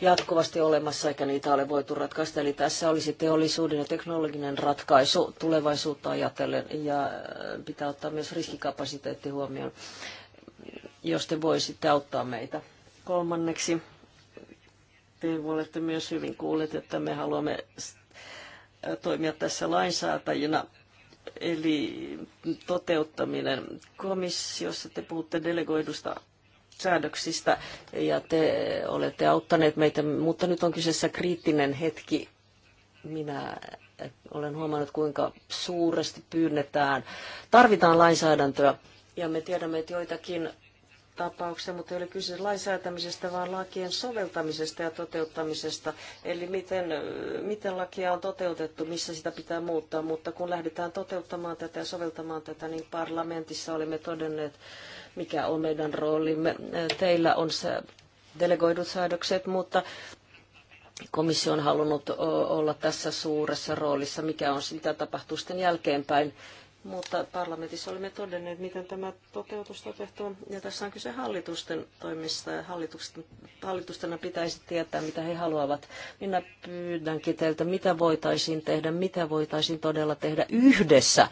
jatkuvasti olemassa, eikä niitä ole voitu ratkaista. Eli tässä olisi teollisuuden ja teknologinen ratkaisu tulevaisuutta ajatellen ja pitää ottaa myös riskikapasiteetti huomioon jos te voisitte auttaa meitä. Kolmanneksi, te olette myös hyvin kuulleet, että me haluamme toimia tässä lainsäätäjinä, eli toteuttaminen. Komissiossa te puhutte delegoidusta säädöksistä ja te olette auttaneet meitä, mutta nyt on kyseessä kriittinen hetki. Minä olen huomannut, kuinka suuresti pyynnetään. Tarvitaan lainsäädäntöä ja me tiedämme, että joitakin tapauksia, mutta ei ole kyse lainsäätämisestä, vaan lakien soveltamisesta ja toteuttamisesta. Eli miten, miten lakia on toteutettu, missä sitä pitää muuttaa, mutta kun lähdetään toteuttamaan tätä ja soveltamaan tätä, niin parlamentissa olemme todenneet, mikä on meidän roolimme. Teillä on se delegoidut säädökset, mutta komissio on halunnut olla tässä suuressa roolissa, mikä on, sitä tapahtuu sitten jälkeenpäin mutta parlamentissa olimme todenneet, miten tämä toteutus toteutuu. Ja tässä on kyse hallitusten toimista ja hallitusten, hallitusten pitäisi tietää, mitä he haluavat. Minä pyydänkin teiltä, mitä voitaisiin tehdä, mitä voitaisiin todella tehdä yhdessä.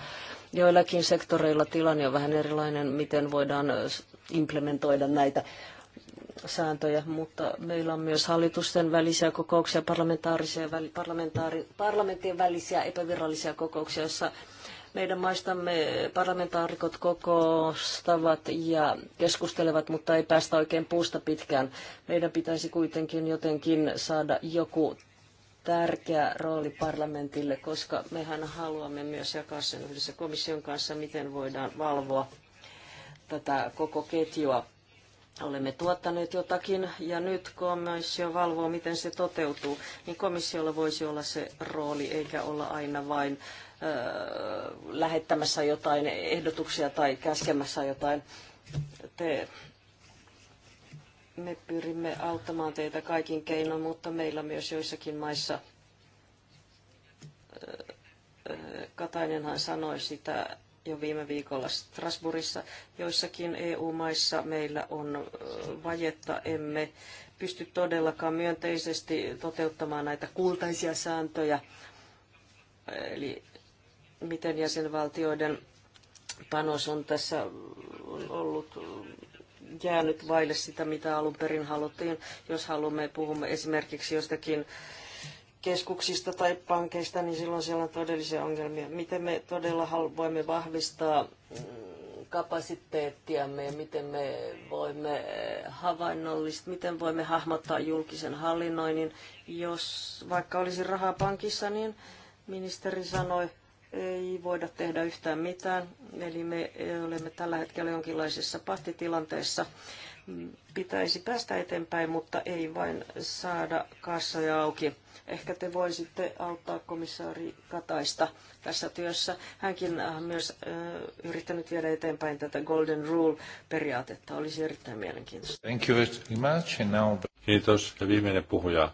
Joillakin sektoreilla tilanne on vähän erilainen, miten voidaan implementoida näitä sääntöjä, mutta meillä on myös hallitusten välisiä kokouksia, parlamentaarisia, parlamentaari, parlamenttien välisiä epävirallisia kokouksia, joissa meidän maistamme parlamentaarikot kokoustavat ja keskustelevat, mutta ei päästä oikein puusta pitkään. Meidän pitäisi kuitenkin jotenkin saada joku tärkeä rooli parlamentille, koska mehän haluamme myös jakaa sen yhdessä komission kanssa, miten voidaan valvoa tätä koko ketjua. Olemme tuottaneet jotakin ja nyt komissio valvoo, miten se toteutuu, niin komissiolla voisi olla se rooli eikä olla aina vain äh, lähettämässä jotain ehdotuksia tai käskemässä jotain. Te, me pyrimme auttamaan teitä kaikin keinoin, mutta meillä myös joissakin maissa, Katainenhan sanoi sitä jo viime viikolla Strasbourgissa, joissakin EU-maissa meillä on vajetta, emme pysty todellakaan myönteisesti toteuttamaan näitä kultaisia sääntöjä, eli miten jäsenvaltioiden panos on tässä ollut jäänyt vaille sitä, mitä alun perin haluttiin. Jos haluamme puhua esimerkiksi jostakin keskuksista tai pankeista, niin silloin siellä on todellisia ongelmia. Miten me todella voimme vahvistaa mm, kapasiteettiamme ja miten me voimme eh, havainnollistaa, miten voimme hahmottaa julkisen hallinnoinnin. Jos vaikka olisi rahaa pankissa, niin ministeri sanoi, ei voida tehdä yhtään mitään. Eli me olemme tällä hetkellä jonkinlaisessa pahtitilanteessa. Pitäisi päästä eteenpäin, mutta ei vain saada kassoja auki. Ehkä te voisitte auttaa komissaari Kataista tässä työssä. Hänkin on myös yrittänyt viedä eteenpäin tätä Golden Rule-periaatetta. Olisi erittäin mielenkiintoista.
Thank you very much. now... Kiitos. Ja viimeinen puhuja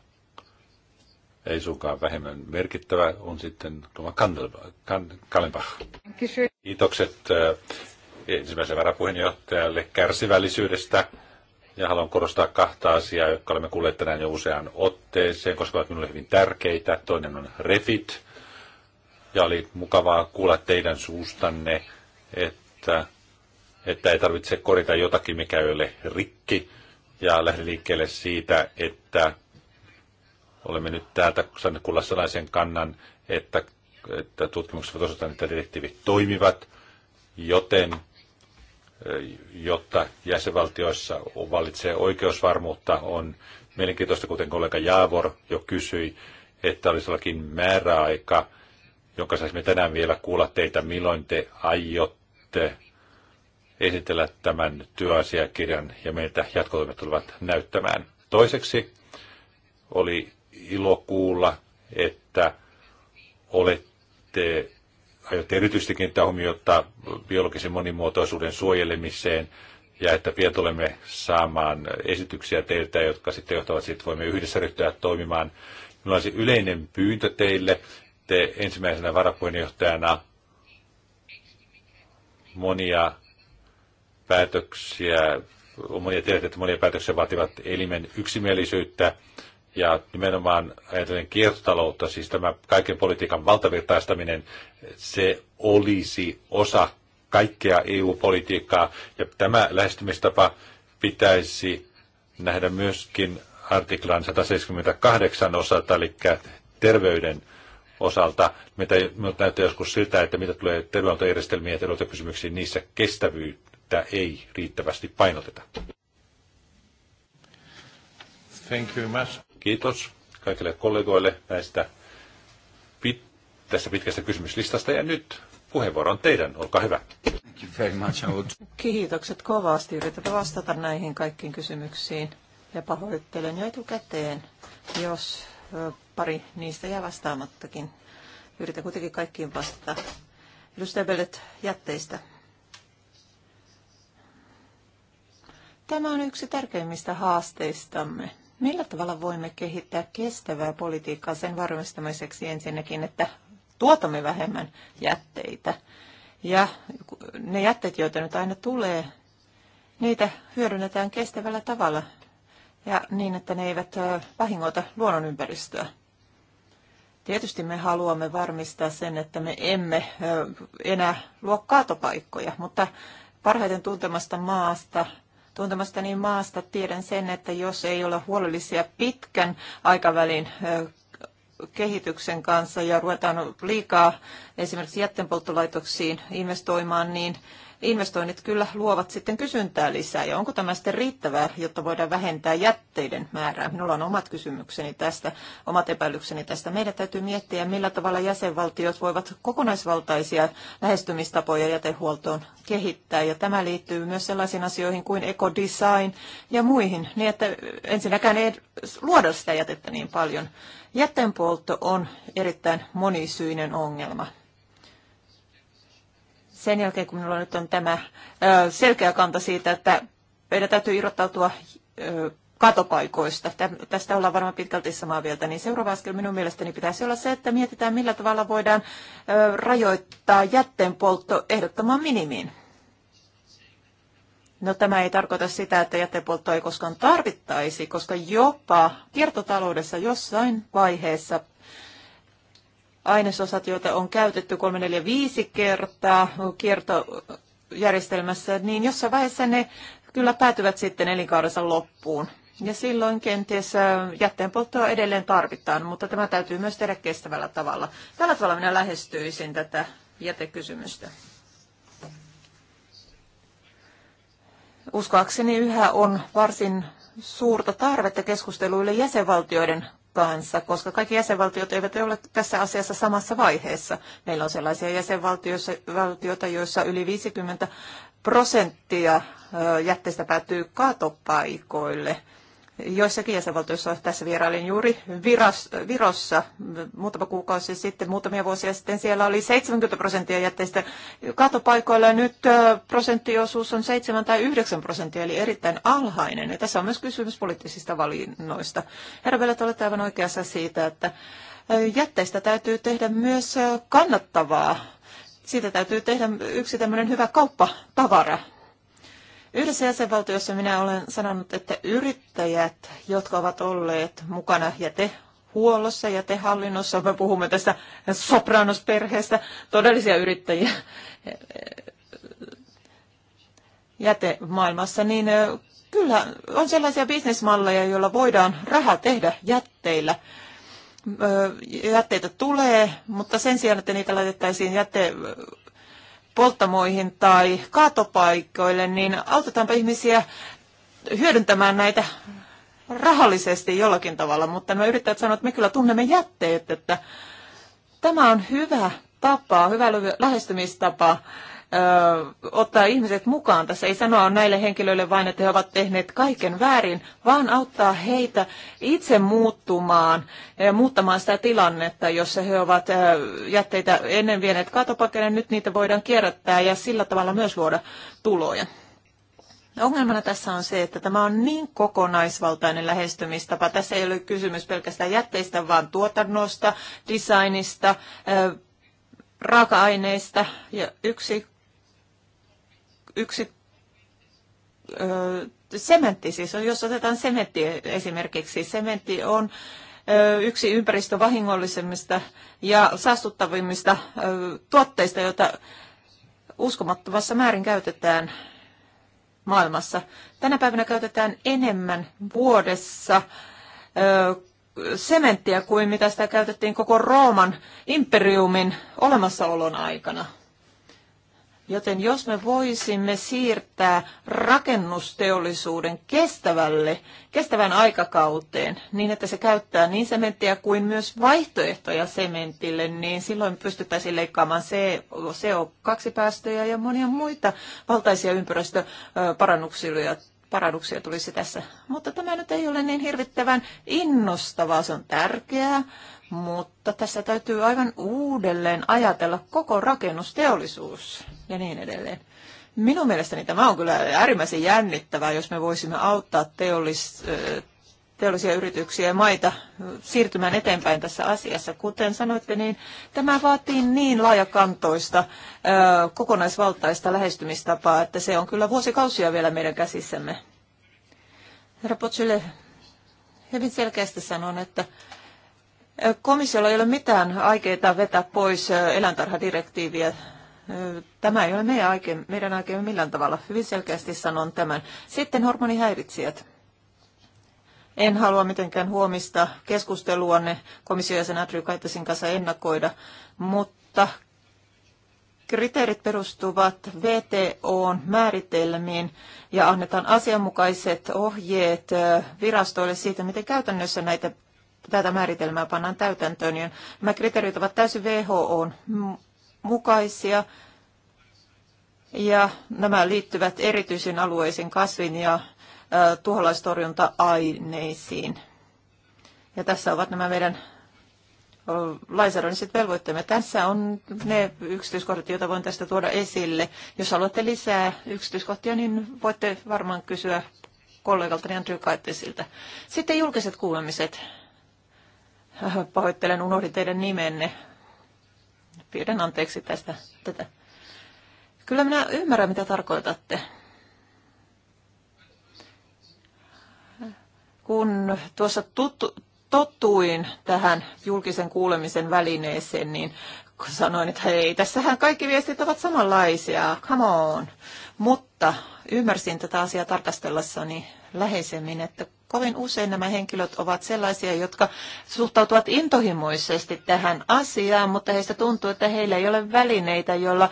ei suinkaan vähemmän merkittävä, on sitten Toma Kallenbach. Kiitokset eh, ensimmäisen varapuheenjohtajalle kärsivällisyydestä. Ja haluan korostaa kahta asiaa, jotka olemme kuulleet tänään jo useaan otteeseen, koska ovat minulle hyvin tärkeitä. Toinen on refit. Ja oli mukavaa kuulla teidän suustanne, että, että ei tarvitse korita jotakin, mikä ei ole rikki. Ja lähdin liikkeelle siitä, että Olemme nyt täältä saaneet kuulla sellaisen kannan, että, että tutkimukset ovat osoittaneet, että direktiivit toimivat, joten eh, jotta jäsenvaltioissa vallitsee oikeusvarmuutta, on mielenkiintoista, kuten kollega Jaavor jo kysyi, että olisi jollakin määräaika, jonka saisimme tänään vielä kuulla teitä, milloin te aiotte esitellä tämän työasiakirjan ja meiltä jatkotoimet tulevat näyttämään. Toiseksi oli ilo kuulla, että olette, aiotte erityisesti kiinnittää huomiota biologisen monimuotoisuuden suojelemiseen ja että pian tulemme saamaan esityksiä teiltä, jotka sitten johtavat siitä, että voimme yhdessä ryhtyä toimimaan. Minulla olisi yleinen pyyntö teille. Te ensimmäisenä varapuheenjohtajana monia päätöksiä, monia tiedät, että monia päätöksiä vaativat elimen yksimielisyyttä ja nimenomaan ajatellen kiertotaloutta, siis tämä kaiken politiikan valtavirtaistaminen, se olisi osa kaikkea EU-politiikkaa. Ja tämä lähestymistapa pitäisi nähdä myöskin artiklan 178 osalta, eli terveyden osalta. Mitä näyttää joskus siltä, että mitä tulee terveydenhuoltojärjestelmiin ja terveydenhuoltokysymyksiin, niissä kestävyyttä ei riittävästi painoteta. Thank you much. Kiitos kaikille kollegoille näistä pit- tästä pitkästä kysymyslistasta. Ja nyt puheenvuoro on teidän. Olkaa hyvä.
Kiitokset kovasti. yritetä vastata näihin kaikkiin kysymyksiin. Ja pahoittelen jo etukäteen, jos pari niistä jää vastaamattakin. Yritän kuitenkin kaikkiin vastata. Edustaja Bellet jätteistä. Tämä on yksi tärkeimmistä haasteistamme. Millä tavalla voimme kehittää kestävää politiikkaa sen varmistamiseksi ensinnäkin, että tuotamme vähemmän jätteitä? Ja ne jätteet, joita nyt aina tulee, niitä hyödynnetään kestävällä tavalla ja niin, että ne eivät vahingoita luonnonympäristöä. Tietysti me haluamme varmistaa sen, että me emme enää luo kaatopaikkoja, mutta parhaiten tuntemasta maasta tuntemastani niin maasta tiedän sen, että jos ei ole huolellisia pitkän aikavälin kehityksen kanssa ja ruvetaan liikaa esimerkiksi jätteenpolttolaitoksiin investoimaan, niin investoinnit kyllä luovat sitten kysyntää lisää. Ja onko tämä sitten riittävää, jotta voidaan vähentää jätteiden määrää? Minulla on omat kysymykseni tästä, omat epäilykseni tästä. Meidän täytyy miettiä, millä tavalla jäsenvaltiot voivat kokonaisvaltaisia lähestymistapoja jätehuoltoon kehittää. Ja tämä liittyy myös sellaisiin asioihin kuin ekodesign ja muihin, niin että ensinnäkään ei luoda sitä jätettä niin paljon. Jätteenpoltto on erittäin monisyinen ongelma sen jälkeen, kun minulla nyt on tämä selkeä kanta siitä, että meidän täytyy irrottautua katopaikoista. Tästä ollaan varmaan pitkälti samaa mieltä, niin seuraava askel minun mielestäni pitäisi olla se, että mietitään millä tavalla voidaan rajoittaa poltto ehdottomaan minimiin. No tämä ei tarkoita sitä, että jätepoltto ei koskaan tarvittaisi, koska jopa kiertotaloudessa jossain vaiheessa ainesosat, joita on käytetty 3, 4, 5 kertaa kiertojärjestelmässä, niin jossain vaiheessa ne kyllä päätyvät sitten elinkaarensa loppuun. Ja silloin kenties jätteenpolttoa edelleen tarvitaan, mutta tämä täytyy myös tehdä kestävällä tavalla. Tällä tavalla minä lähestyisin tätä jätekysymystä. Uskoakseni yhä on varsin suurta tarvetta keskusteluille jäsenvaltioiden kanssa, koska kaikki jäsenvaltiot eivät ole tässä asiassa samassa vaiheessa. Meillä on sellaisia jäsenvaltioita, joissa yli 50 prosenttia jätteistä päätyy kaatopaikoille. Joissakin jäsenvaltioissa tässä vierailin juuri Viras, Virossa muutama kuukausi sitten, muutamia vuosia sitten siellä oli 70 prosenttia jätteistä katopaikoilla ja nyt prosenttiosuus on 7 tai 9 prosenttia, eli erittäin alhainen. Ja tässä on myös kysymys poliittisista valinnoista. Herra Bellet, olette aivan oikeassa siitä, että jätteistä täytyy tehdä myös kannattavaa. Siitä täytyy tehdä yksi tämmöinen hyvä kauppatavara Yhdessä jäsenvaltiossa minä olen sanonut, että yrittäjät, jotka ovat olleet mukana ja te huollossa ja te hallinnossa, me puhumme tästä sopranosperheestä, todellisia yrittäjiä jätemaailmassa, niin kyllä on sellaisia bisnesmalleja, joilla voidaan rahaa tehdä jätteillä jätteitä tulee, mutta sen sijaan, että niitä laitettaisiin jäte, polttamoihin tai kaatopaikoille, niin autetaanpa ihmisiä hyödyntämään näitä rahallisesti jollakin tavalla, mutta me yrittäjät sanoa, että me kyllä tunnemme jätteet, että tämä on hyvä tapa, hyvä lähestymistapa ottaa ihmiset mukaan tässä. Ei sanoa näille henkilöille vain, että he ovat tehneet kaiken väärin, vaan auttaa heitä itse muuttumaan, muuttamaan sitä tilannetta, jossa he ovat jätteitä ennen vieneet katopakeille, nyt niitä voidaan kierrättää ja sillä tavalla myös luoda tuloja. Ongelmana tässä on se, että tämä on niin kokonaisvaltainen lähestymistapa. Tässä ei ole kysymys pelkästään jätteistä, vaan tuotannosta, designista, raaka-aineista. Ja yksi yksi ö, sementti, siis jos otetaan sementti esimerkiksi, sementti on yksi ympäristövahingollisimmista ja saastuttavimmista tuotteista, joita uskomattomassa määrin käytetään maailmassa. Tänä päivänä käytetään enemmän vuodessa sementtiä kuin mitä sitä käytettiin koko Rooman imperiumin olemassaolon aikana. Joten jos me voisimme siirtää rakennusteollisuuden kestävälle, kestävän aikakauteen, niin että se käyttää niin sementtiä kuin myös vaihtoehtoja sementille, niin silloin pystyttäisiin leikkaamaan CO2-päästöjä ja monia muita valtaisia ympäristöparannuksia paradoksia tulisi tässä. Mutta tämä nyt ei ole niin hirvittävän innostavaa, se on tärkeää, mutta tässä täytyy aivan uudelleen ajatella koko rakennusteollisuus ja niin edelleen. Minun mielestäni tämä on kyllä äärimmäisen jännittävää, jos me voisimme auttaa teollis, teollisia yrityksiä ja maita siirtymään eteenpäin tässä asiassa. Kuten sanoitte, niin tämä vaatii niin laajakantoista, kokonaisvaltaista lähestymistapaa, että se on kyllä vuosikausia vielä meidän käsissämme. Herra Potsille hyvin selkeästi sanon, että Komissiolla ei ole mitään aikeita vetää pois eläintarhadirektiiviä. Tämä ei ole meidän aike, meidän aikeemme millään tavalla. Hyvin selkeästi sanon tämän. Sitten hormonihäiritsijät. En halua mitenkään huomista keskusteluanne jäsen Andrew Kaitasin kanssa ennakoida, mutta kriteerit perustuvat VTOn määritelmiin ja annetaan asianmukaiset ohjeet virastoille siitä, miten käytännössä näitä tätä määritelmää pannaan täytäntöön. Ja niin nämä kriteerit ovat täysin WHOn mukaisia ja nämä liittyvät erityisiin alueisiin kasvin ja tuholaistorjunta-aineisiin. Ja tässä ovat nämä meidän lainsäädännölliset velvoitteemme. Tässä on ne yksityiskohdat, joita voin tästä tuoda esille. Jos haluatte lisää yksityiskohtia, niin voitte varmaan kysyä kollegaltani Andrew Kaittisilta. Sitten julkiset kuulemiset. Pahoittelen, unohdin teidän nimenne. Pyydän anteeksi tästä tätä. Kyllä minä ymmärrän, mitä tarkoitatte. Kun tuossa tuttu, tottuin tähän julkisen kuulemisen välineeseen, niin kun sanoin, että hei, tässähän kaikki viestit ovat samanlaisia, come on. Mutta ymmärsin tätä asiaa tarkastellessani läheisemmin, että Kovin usein nämä henkilöt ovat sellaisia, jotka suhtautuvat intohimoisesti tähän asiaan, mutta heistä tuntuu, että heillä ei ole välineitä, joilla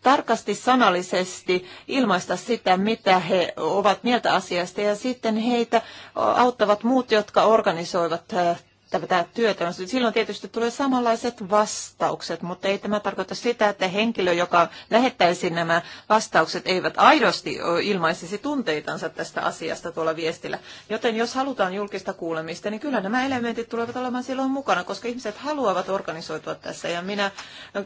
tarkasti sanallisesti ilmaista sitä, mitä he ovat mieltä asiasta, ja sitten heitä auttavat muut, jotka organisoivat tätä työtä, silloin tietysti tulee samanlaiset vastaukset, mutta ei tämä tarkoita sitä, että henkilö, joka lähettäisi nämä vastaukset, eivät aidosti ilmaisisi tunteitansa tästä asiasta tuolla viestillä. Joten jos halutaan julkista kuulemista, niin kyllä nämä elementit tulevat olemaan silloin mukana, koska ihmiset haluavat organisoitua tässä. Ja minä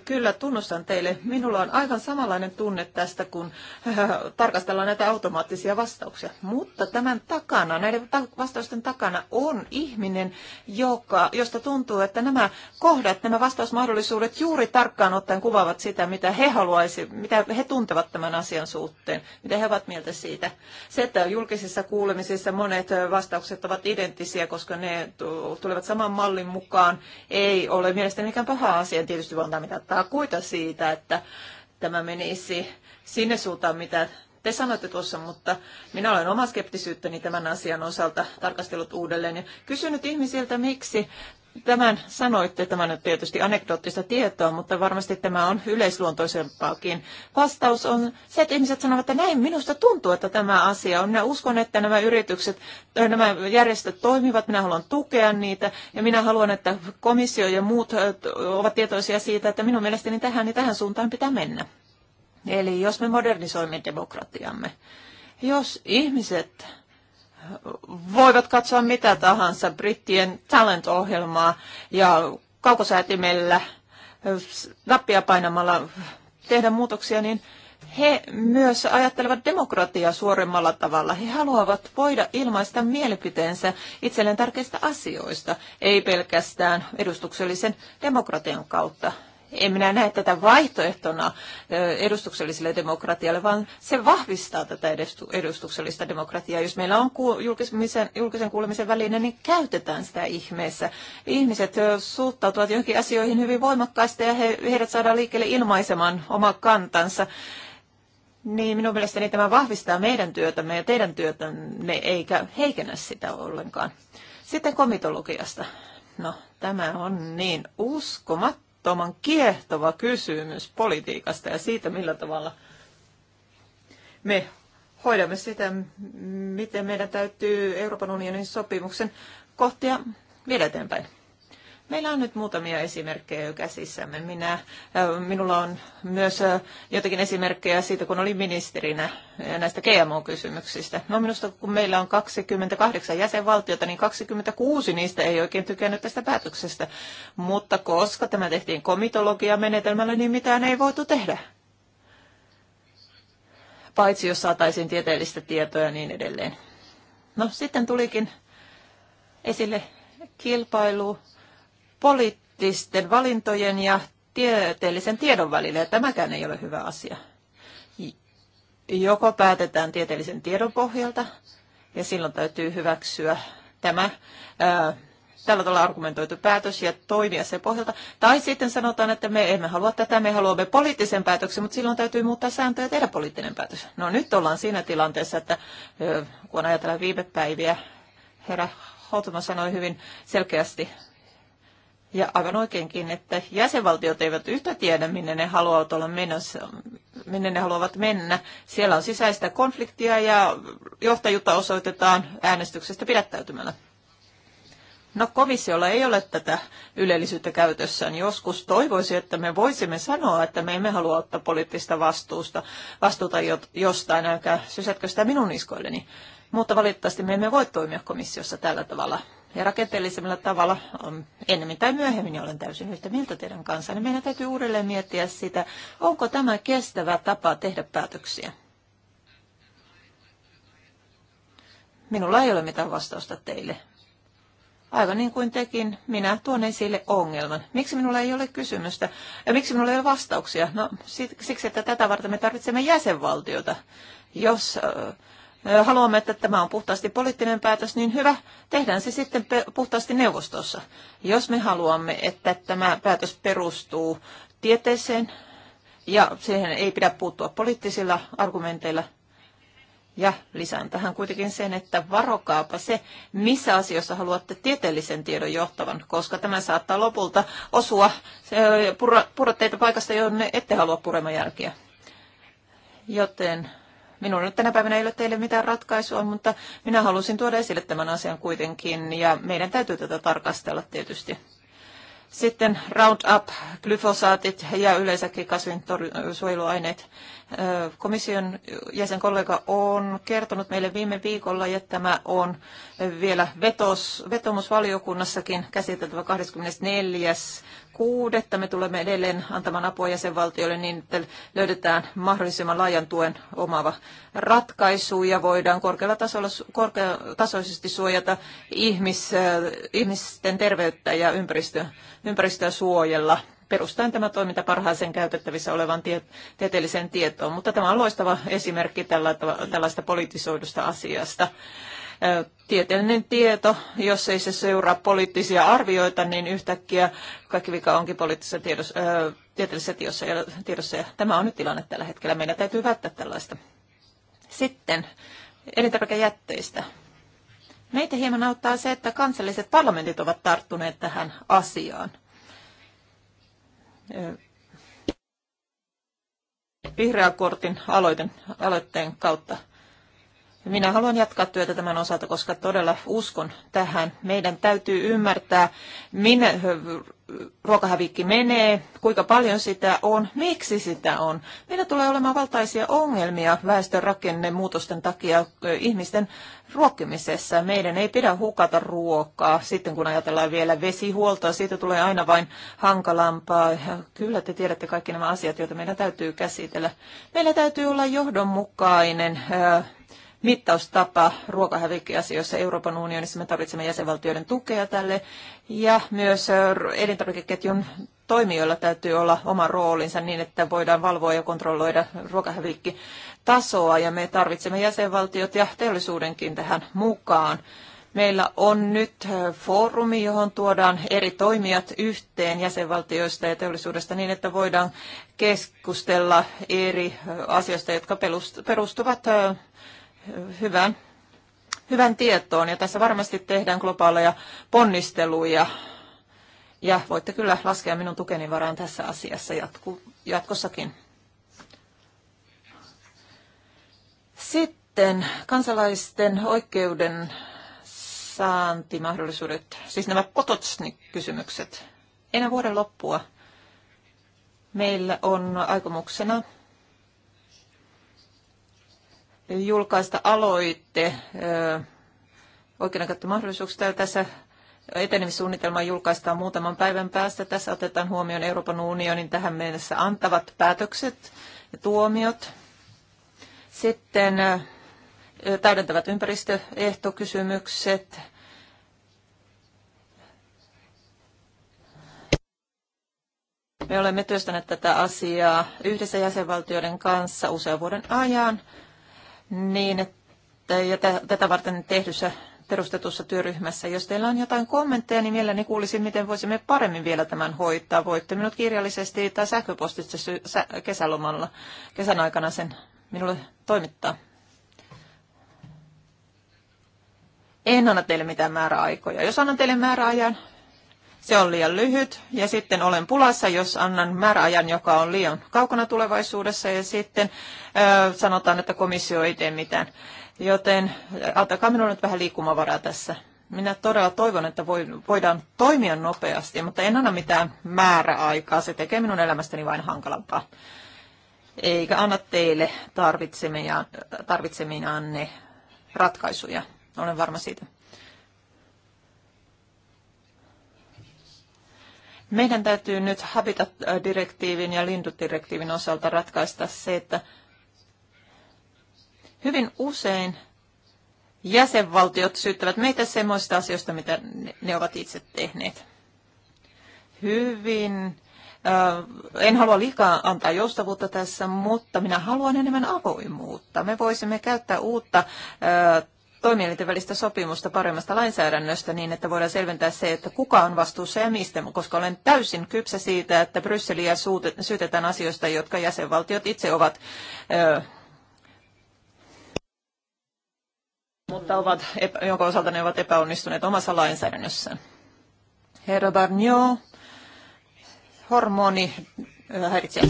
kyllä tunnustan teille, minulla on aivan samanlainen tunne tästä, kun tarkastellaan näitä automaattisia vastauksia. Mutta tämän takana, näiden vastausten takana on ihminen, jo joukkoa, josta tuntuu, että nämä kohdat, nämä vastausmahdollisuudet juuri tarkkaan ottaen kuvaavat sitä, mitä he haluaisivat, mitä he tuntevat tämän asian suhteen, mitä he ovat mieltä siitä. Se, että julkisissa kuulemisissa monet vastaukset ovat identtisiä, koska ne tulevat saman mallin mukaan, ei ole mielestäni mikään paha asia. Tietysti voidaan antaa takuita siitä, että tämä menisi sinne suuntaan, mitä te sanoitte tuossa, mutta minä olen oma skeptisyyttäni tämän asian osalta tarkastellut uudelleen ja kysynyt ihmisiltä, miksi tämän sanoitte, tämä on tietysti anekdoottista tietoa, mutta varmasti tämä on yleisluontoisempaakin. Vastaus on se, että ihmiset sanovat, että näin minusta tuntuu, että tämä asia on. Minä uskon, että nämä yritykset, äh, nämä järjestöt toimivat, minä haluan tukea niitä ja minä haluan, että komissio ja muut äh, ovat tietoisia siitä, että minun mielestäni tähän, niin tähän suuntaan pitää mennä. Eli jos me modernisoimme demokratiamme, jos ihmiset voivat katsoa mitä tahansa brittien talent-ohjelmaa ja kaukosäätimellä nappia painamalla tehdä muutoksia, niin he myös ajattelevat demokratiaa suoremmalla tavalla. He haluavat voida ilmaista mielipiteensä itselleen tärkeistä asioista, ei pelkästään edustuksellisen demokratian kautta en minä näe tätä vaihtoehtona edustukselliselle demokratialle, vaan se vahvistaa tätä edustuksellista demokratiaa. Jos meillä on julkisen, julkisen kuulemisen väline, niin käytetään sitä ihmeessä. Ihmiset suhtautuvat johonkin asioihin hyvin voimakkaasti ja he, heidät saadaan liikkeelle ilmaisemaan oma kantansa. Niin minun mielestäni tämä vahvistaa meidän työtämme ja teidän työtämme, eikä heikennä sitä ollenkaan. Sitten komitologiasta. No, tämä on niin uskomatta tavattoman kiehtova kysymys politiikasta ja siitä, millä tavalla me hoidamme sitä, miten meidän täytyy Euroopan unionin sopimuksen kohtia viedä eteenpäin. Meillä on nyt muutamia esimerkkejä jo käsissämme. Minä, minulla on myös jotakin esimerkkejä siitä, kun olin ministerinä näistä GMO-kysymyksistä. No minusta, kun meillä on 28 jäsenvaltiota, niin 26 niistä ei oikein tykännyt tästä päätöksestä. Mutta koska tämä tehtiin komitologiamenetelmällä, niin mitään ei voitu tehdä paitsi jos saataisiin tieteellistä tietoa ja niin edelleen. No sitten tulikin esille kilpailu poliittisten valintojen ja tieteellisen tiedon välillä, ja tämäkään ei ole hyvä asia. Joko päätetään tieteellisen tiedon pohjalta, ja silloin täytyy hyväksyä tämä ää, tällä tavalla argumentoitu päätös ja toimia sen pohjalta. Tai sitten sanotaan, että me emme halua tätä, me haluamme poliittisen päätöksen, mutta silloin täytyy muuttaa sääntöjä ja tehdä poliittinen päätös. No nyt ollaan siinä tilanteessa, että kun ajatellaan viime päiviä, herra Houtuma sanoi hyvin selkeästi ja aivan oikeinkin, että jäsenvaltiot eivät yhtä tiedä, minne ne haluavat olla menossa, minne ne haluavat mennä. Siellä on sisäistä konfliktia ja johtajuutta osoitetaan äänestyksestä pidättäytymällä. No komissiolla ei ole tätä ylellisyyttä käytössään. Joskus toivoisi, että me voisimme sanoa, että me emme halua ottaa poliittista vastuusta, vastuuta jostain, älkää sysätkö sitä minun iskoilleni. Mutta valitettavasti me emme voi toimia komissiossa tällä tavalla ja rakenteellisemmalla tavalla ennemmin tai myöhemmin, olen täysin yhtä mieltä teidän kanssa, niin meidän täytyy uudelleen miettiä sitä, onko tämä kestävä tapa tehdä päätöksiä. Minulla ei ole mitään vastausta teille. Aivan niin kuin tekin, minä tuon esille ongelman. Miksi minulla ei ole kysymystä ja miksi minulla ei ole vastauksia? No siksi, että tätä varten me tarvitsemme jäsenvaltiota. Jos haluamme, että tämä on puhtaasti poliittinen päätös, niin hyvä, tehdään se sitten puhtaasti neuvostossa. Jos me haluamme, että tämä päätös perustuu tieteeseen ja siihen ei pidä puuttua poliittisilla argumenteilla, ja lisään tähän kuitenkin sen, että varokaapa se, missä asioissa haluatte tieteellisen tiedon johtavan, koska tämä saattaa lopulta osua, pura, pura teitä paikasta, jonne ette halua purema jälkiä. Joten Minulla tänä päivänä ei ole teille mitään ratkaisua, mutta minä halusin tuoda esille tämän asian kuitenkin ja meidän täytyy tätä tarkastella tietysti. Sitten Roundup, glyfosaatit ja yleensäkin kasvinsuojeluaineet. Komission jäsenkollega on kertonut meille viime viikolla, että tämä on vielä vetos, vetomusvaliokunnassakin käsiteltävä 24 kuudetta me tulemme edelleen antamaan apua jäsenvaltioille niin, että löydetään mahdollisimman laajan tuen omaava ratkaisu ja voidaan korkealla tasolla, korkeatasoisesti suojata ihmis, ihmisten terveyttä ja ympäristöä, ympäristöä suojella perustaen tämä toiminta parhaaseen käytettävissä olevan tie, tieteelliseen tietoon. Mutta tämä on loistava esimerkki tällaista politisoidusta asiasta tieteellinen tieto, jos ei se seuraa poliittisia arvioita, niin yhtäkkiä kaikki vika onkin poliittisessa tiedossa, ää, tieteellisessä tiedossa ja, tiedossa. Ja tämä on nyt tilanne tällä hetkellä. Meidän täytyy välttää tällaista. Sitten elintarvikejätteistä. Meitä hieman auttaa se, että kansalliset parlamentit ovat tarttuneet tähän asiaan. Vihreän kortin aloitteen kautta minä haluan jatkaa työtä tämän osalta, koska todella uskon tähän. Meidän täytyy ymmärtää, minne ruokahävikki menee, kuinka paljon sitä on, miksi sitä on. Meillä tulee olemaan valtaisia ongelmia väestön rakennemuutosten takia ihmisten ruokkimisessa. Meidän ei pidä hukata ruokaa. Sitten kun ajatellaan vielä vesihuoltoa, siitä tulee aina vain hankalampaa. Ja kyllä te tiedätte kaikki nämä asiat, joita meidän täytyy käsitellä. Meillä täytyy olla johdonmukainen mittaustapa ruokahävikkiasioissa Euroopan unionissa. Me tarvitsemme jäsenvaltioiden tukea tälle ja myös elintarvikeketjun toimijoilla täytyy olla oma roolinsa niin, että voidaan valvoa ja kontrolloida ruokahävikkitasoa ja me tarvitsemme jäsenvaltiot ja teollisuudenkin tähän mukaan. Meillä on nyt foorumi, johon tuodaan eri toimijat yhteen jäsenvaltioista ja teollisuudesta niin, että voidaan keskustella eri asioista, jotka perustuvat hyvän, hyvän tietoon. Ja tässä varmasti tehdään globaaleja ponnisteluja. Ja voitte kyllä laskea minun tukeni varaan tässä asiassa jatku, jatkossakin. Sitten kansalaisten oikeuden saantimahdollisuudet, siis nämä kototsnik kysymykset Ennen vuoden loppua meillä on aikomuksena julkaista aloitte oikeudenkäyttömahdollisuuksista. Tässä etenemissuunnitelma julkaistaan muutaman päivän päästä. Tässä otetaan huomioon Euroopan unionin tähän mennessä antavat päätökset ja tuomiot. Sitten täydentävät ympäristöehtokysymykset. Me olemme työstäneet tätä asiaa yhdessä jäsenvaltioiden kanssa usean vuoden ajan niin, että, ja tätä varten tehdyssä perustetussa työryhmässä. Jos teillä on jotain kommentteja, niin mielelläni kuulisin, miten voisimme paremmin vielä tämän hoitaa. Voitte minut kirjallisesti tai sähköpostitse kesälomalla, kesän aikana sen minulle toimittaa. En anna teille mitään määräaikoja. Jos annan teille määräajan, se on liian lyhyt ja sitten olen pulassa, jos annan määräajan, joka on liian kaukana tulevaisuudessa ja sitten ö, sanotaan, että komissio ei tee mitään. Joten antakaa minulle nyt vähän liikkumavaraa tässä. Minä todella toivon, että voidaan toimia nopeasti, mutta en anna mitään määräaikaa. Se tekee minun elämästäni vain hankalampaa. Eikä anna teille ne ratkaisuja. Olen varma siitä. Meidän täytyy nyt Habitat-direktiivin ja lintudirektiivin osalta ratkaista se, että hyvin usein jäsenvaltiot syyttävät meitä semmoista asioista, mitä ne ovat itse tehneet. Hyvin. En halua liikaa antaa joustavuutta tässä, mutta minä haluan enemmän avoimuutta. Me voisimme käyttää uutta toimielinten välistä sopimusta paremmasta lainsäädännöstä niin, että voidaan selventää se, että kuka on vastuussa ja mistä, koska olen täysin kypsä siitä, että Brysseliä syytetään asioista, jotka jäsenvaltiot itse ovat ö, mutta ovat, jonka osalta ne ovat epäonnistuneet omassa lainsäädännössään. Herra Barnio, hormoni
häiritsee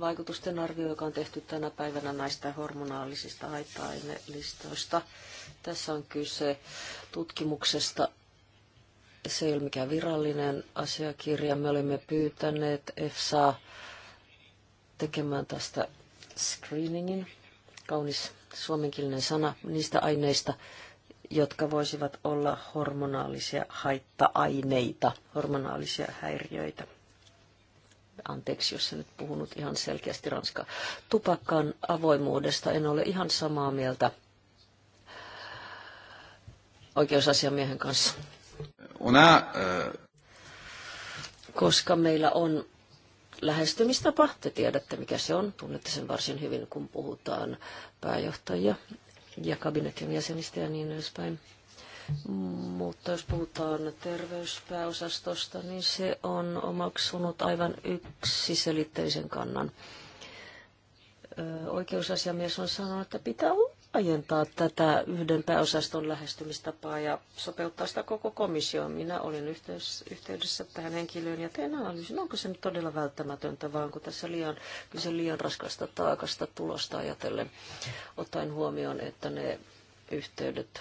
vaikutusten arvio, joka on tehty tänä päivänä näistä hormonaalisista haitta-ainelistoista. Tässä on kyse tutkimuksesta. Se ei ole mikään virallinen asiakirja. Me olemme pyytäneet EFSA tekemään tästä screeningin, kaunis suomenkielinen sana, niistä aineista, jotka voisivat olla hormonaalisia haitta-aineita, hormonaalisia häiriöitä. Anteeksi, jos en nyt puhunut ihan selkeästi ranskaa. Tupakkaan avoimuudesta en ole ihan samaa mieltä oikeusasiamiehen kanssa. Una, uh... Koska meillä on lähestymistapa, te tiedätte mikä se on, tunnette sen varsin hyvin, kun puhutaan pääjohtajia ja kabinetin jäsenistä ja niin edespäin mutta jos puhutaan terveyspääosastosta, niin se on omaksunut aivan yksiselitteisen kannan. Oikeusasiamies on sanonut, että pitää ajentaa tätä yhden pääosaston lähestymistapaa ja sopeuttaa sitä koko komissioon. Minä olin yhteydessä tähän henkilöön ja tein analyysin, onko se nyt todella välttämätöntä, vaan kun tässä liian, kyse liian raskasta taakasta tulosta ajatellen, ottaen huomioon, että ne yhteydet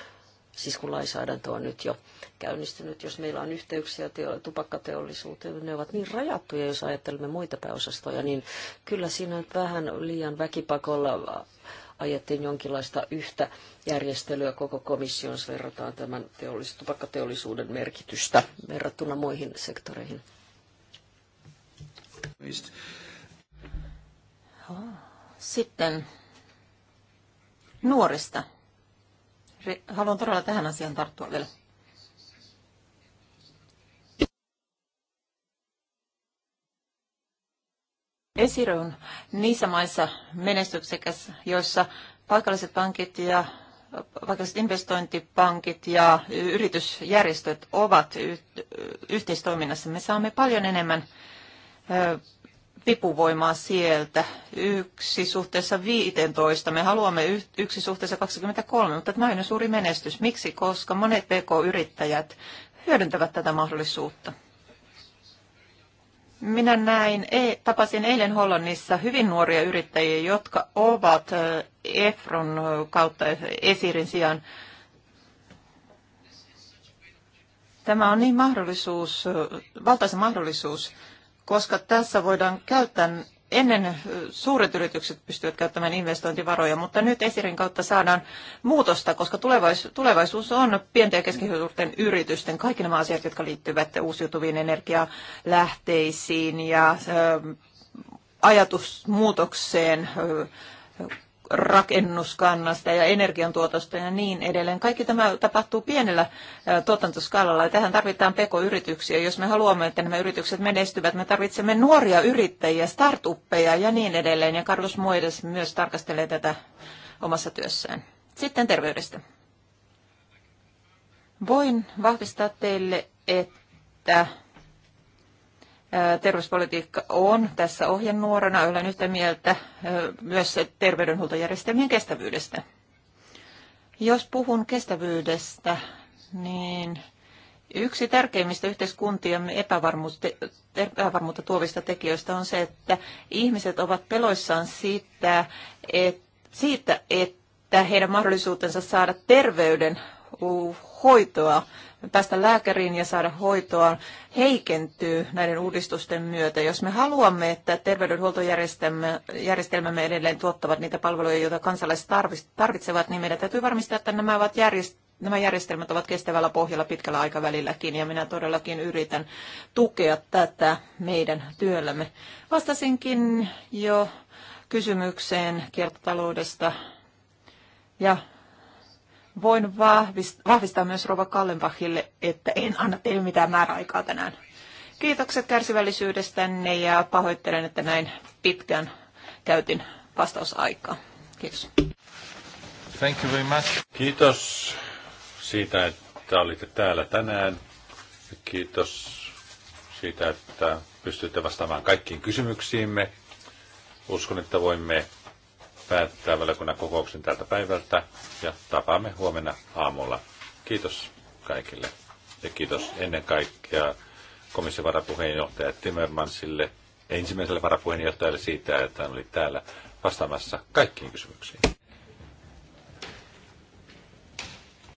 siis kun lainsäädäntö on nyt jo käynnistynyt, jos meillä on yhteyksiä tupakkateollisuuteen, ne ovat niin rajattuja, jos ajattelemme muita pääosastoja, niin kyllä siinä nyt vähän liian väkipakolla ajettiin jonkinlaista yhtä järjestelyä koko komission, jos verrataan tämän teollis- tupakkateollisuuden merkitystä verrattuna muihin sektoreihin. Sitten
nuorista haluan todella tähän asiaan tarttua vielä. Esiro on niissä maissa menestyksekäs, joissa paikalliset pankit ja paikalliset investointipankit ja yritysjärjestöt ovat yhteistoiminnassa. Me saamme paljon enemmän vipuvoimaa sieltä. Yksi suhteessa 15, me haluamme yksi suhteessa 23, mutta tämä on suuri menestys. Miksi? Koska monet PK-yrittäjät hyödyntävät tätä mahdollisuutta. Minä näin, e-, tapasin eilen Hollannissa hyvin nuoria yrittäjiä, jotka ovat EFRON kautta esirin sijaan. Tämä on niin mahdollisuus, valtaisa mahdollisuus koska tässä voidaan käyttää Ennen suuret yritykset pystyvät käyttämään investointivaroja, mutta nyt Esirin kautta saadaan muutosta, koska tulevaisuus on pienten ja keskisuurten yritysten kaikki nämä asiat, jotka liittyvät uusiutuviin energialähteisiin ja ajatusmuutokseen rakennuskannasta ja energiantuotosta ja niin edelleen. Kaikki tämä tapahtuu pienellä tuotantoskaalalla ja tähän tarvitaan pekoyrityksiä. Jos me haluamme, että nämä yritykset menestyvät, me tarvitsemme nuoria yrittäjiä, startuppeja ja niin edelleen. Ja Carlos Moides myös tarkastelee tätä omassa työssään. Sitten terveydestä. Voin vahvistaa teille, että Terveyspolitiikka on tässä ohjenuorana. Olen yhtä mieltä myös terveydenhuoltojärjestelmien kestävyydestä. Jos puhun kestävyydestä, niin Yksi tärkeimmistä yhteiskuntiamme epävarmuutta tuovista tekijöistä on se, että ihmiset ovat peloissaan siitä, että, siitä että heidän mahdollisuutensa saada terveyden hoitoa päästä lääkäriin ja saada hoitoa heikentyy näiden uudistusten myötä. Jos me haluamme, että terveydenhuoltojärjestelmämme edelleen tuottavat niitä palveluja, joita kansalaiset tarvitsevat, niin meidän täytyy varmistaa, että nämä, ovat järjest- nämä järjestelmät ovat kestävällä pohjalla pitkällä aikavälilläkin. Ja minä todellakin yritän tukea tätä meidän työllämme. Vastasinkin jo kysymykseen kiertotaloudesta ja voin vahvistaa myös Rova Kallenbachille, että en anna teille mitään määräaikaa tänään. Kiitokset kärsivällisyydestänne ja pahoittelen, että näin pitkään käytin vastausaikaa. Kiitos.
Thank you very much. Kiitos siitä, että olitte täällä tänään. Kiitos siitä, että pystytte vastaamaan kaikkiin kysymyksiimme. Uskon, että voimme päättää valiokunnan kokouksen tältä päivältä ja tapaamme huomenna aamulla. Kiitos kaikille ja kiitos ennen kaikkea komission varapuheenjohtaja Timmermansille ensimmäiselle varapuheenjohtajalle siitä, että hän oli täällä vastaamassa kaikkiin kysymyksiin.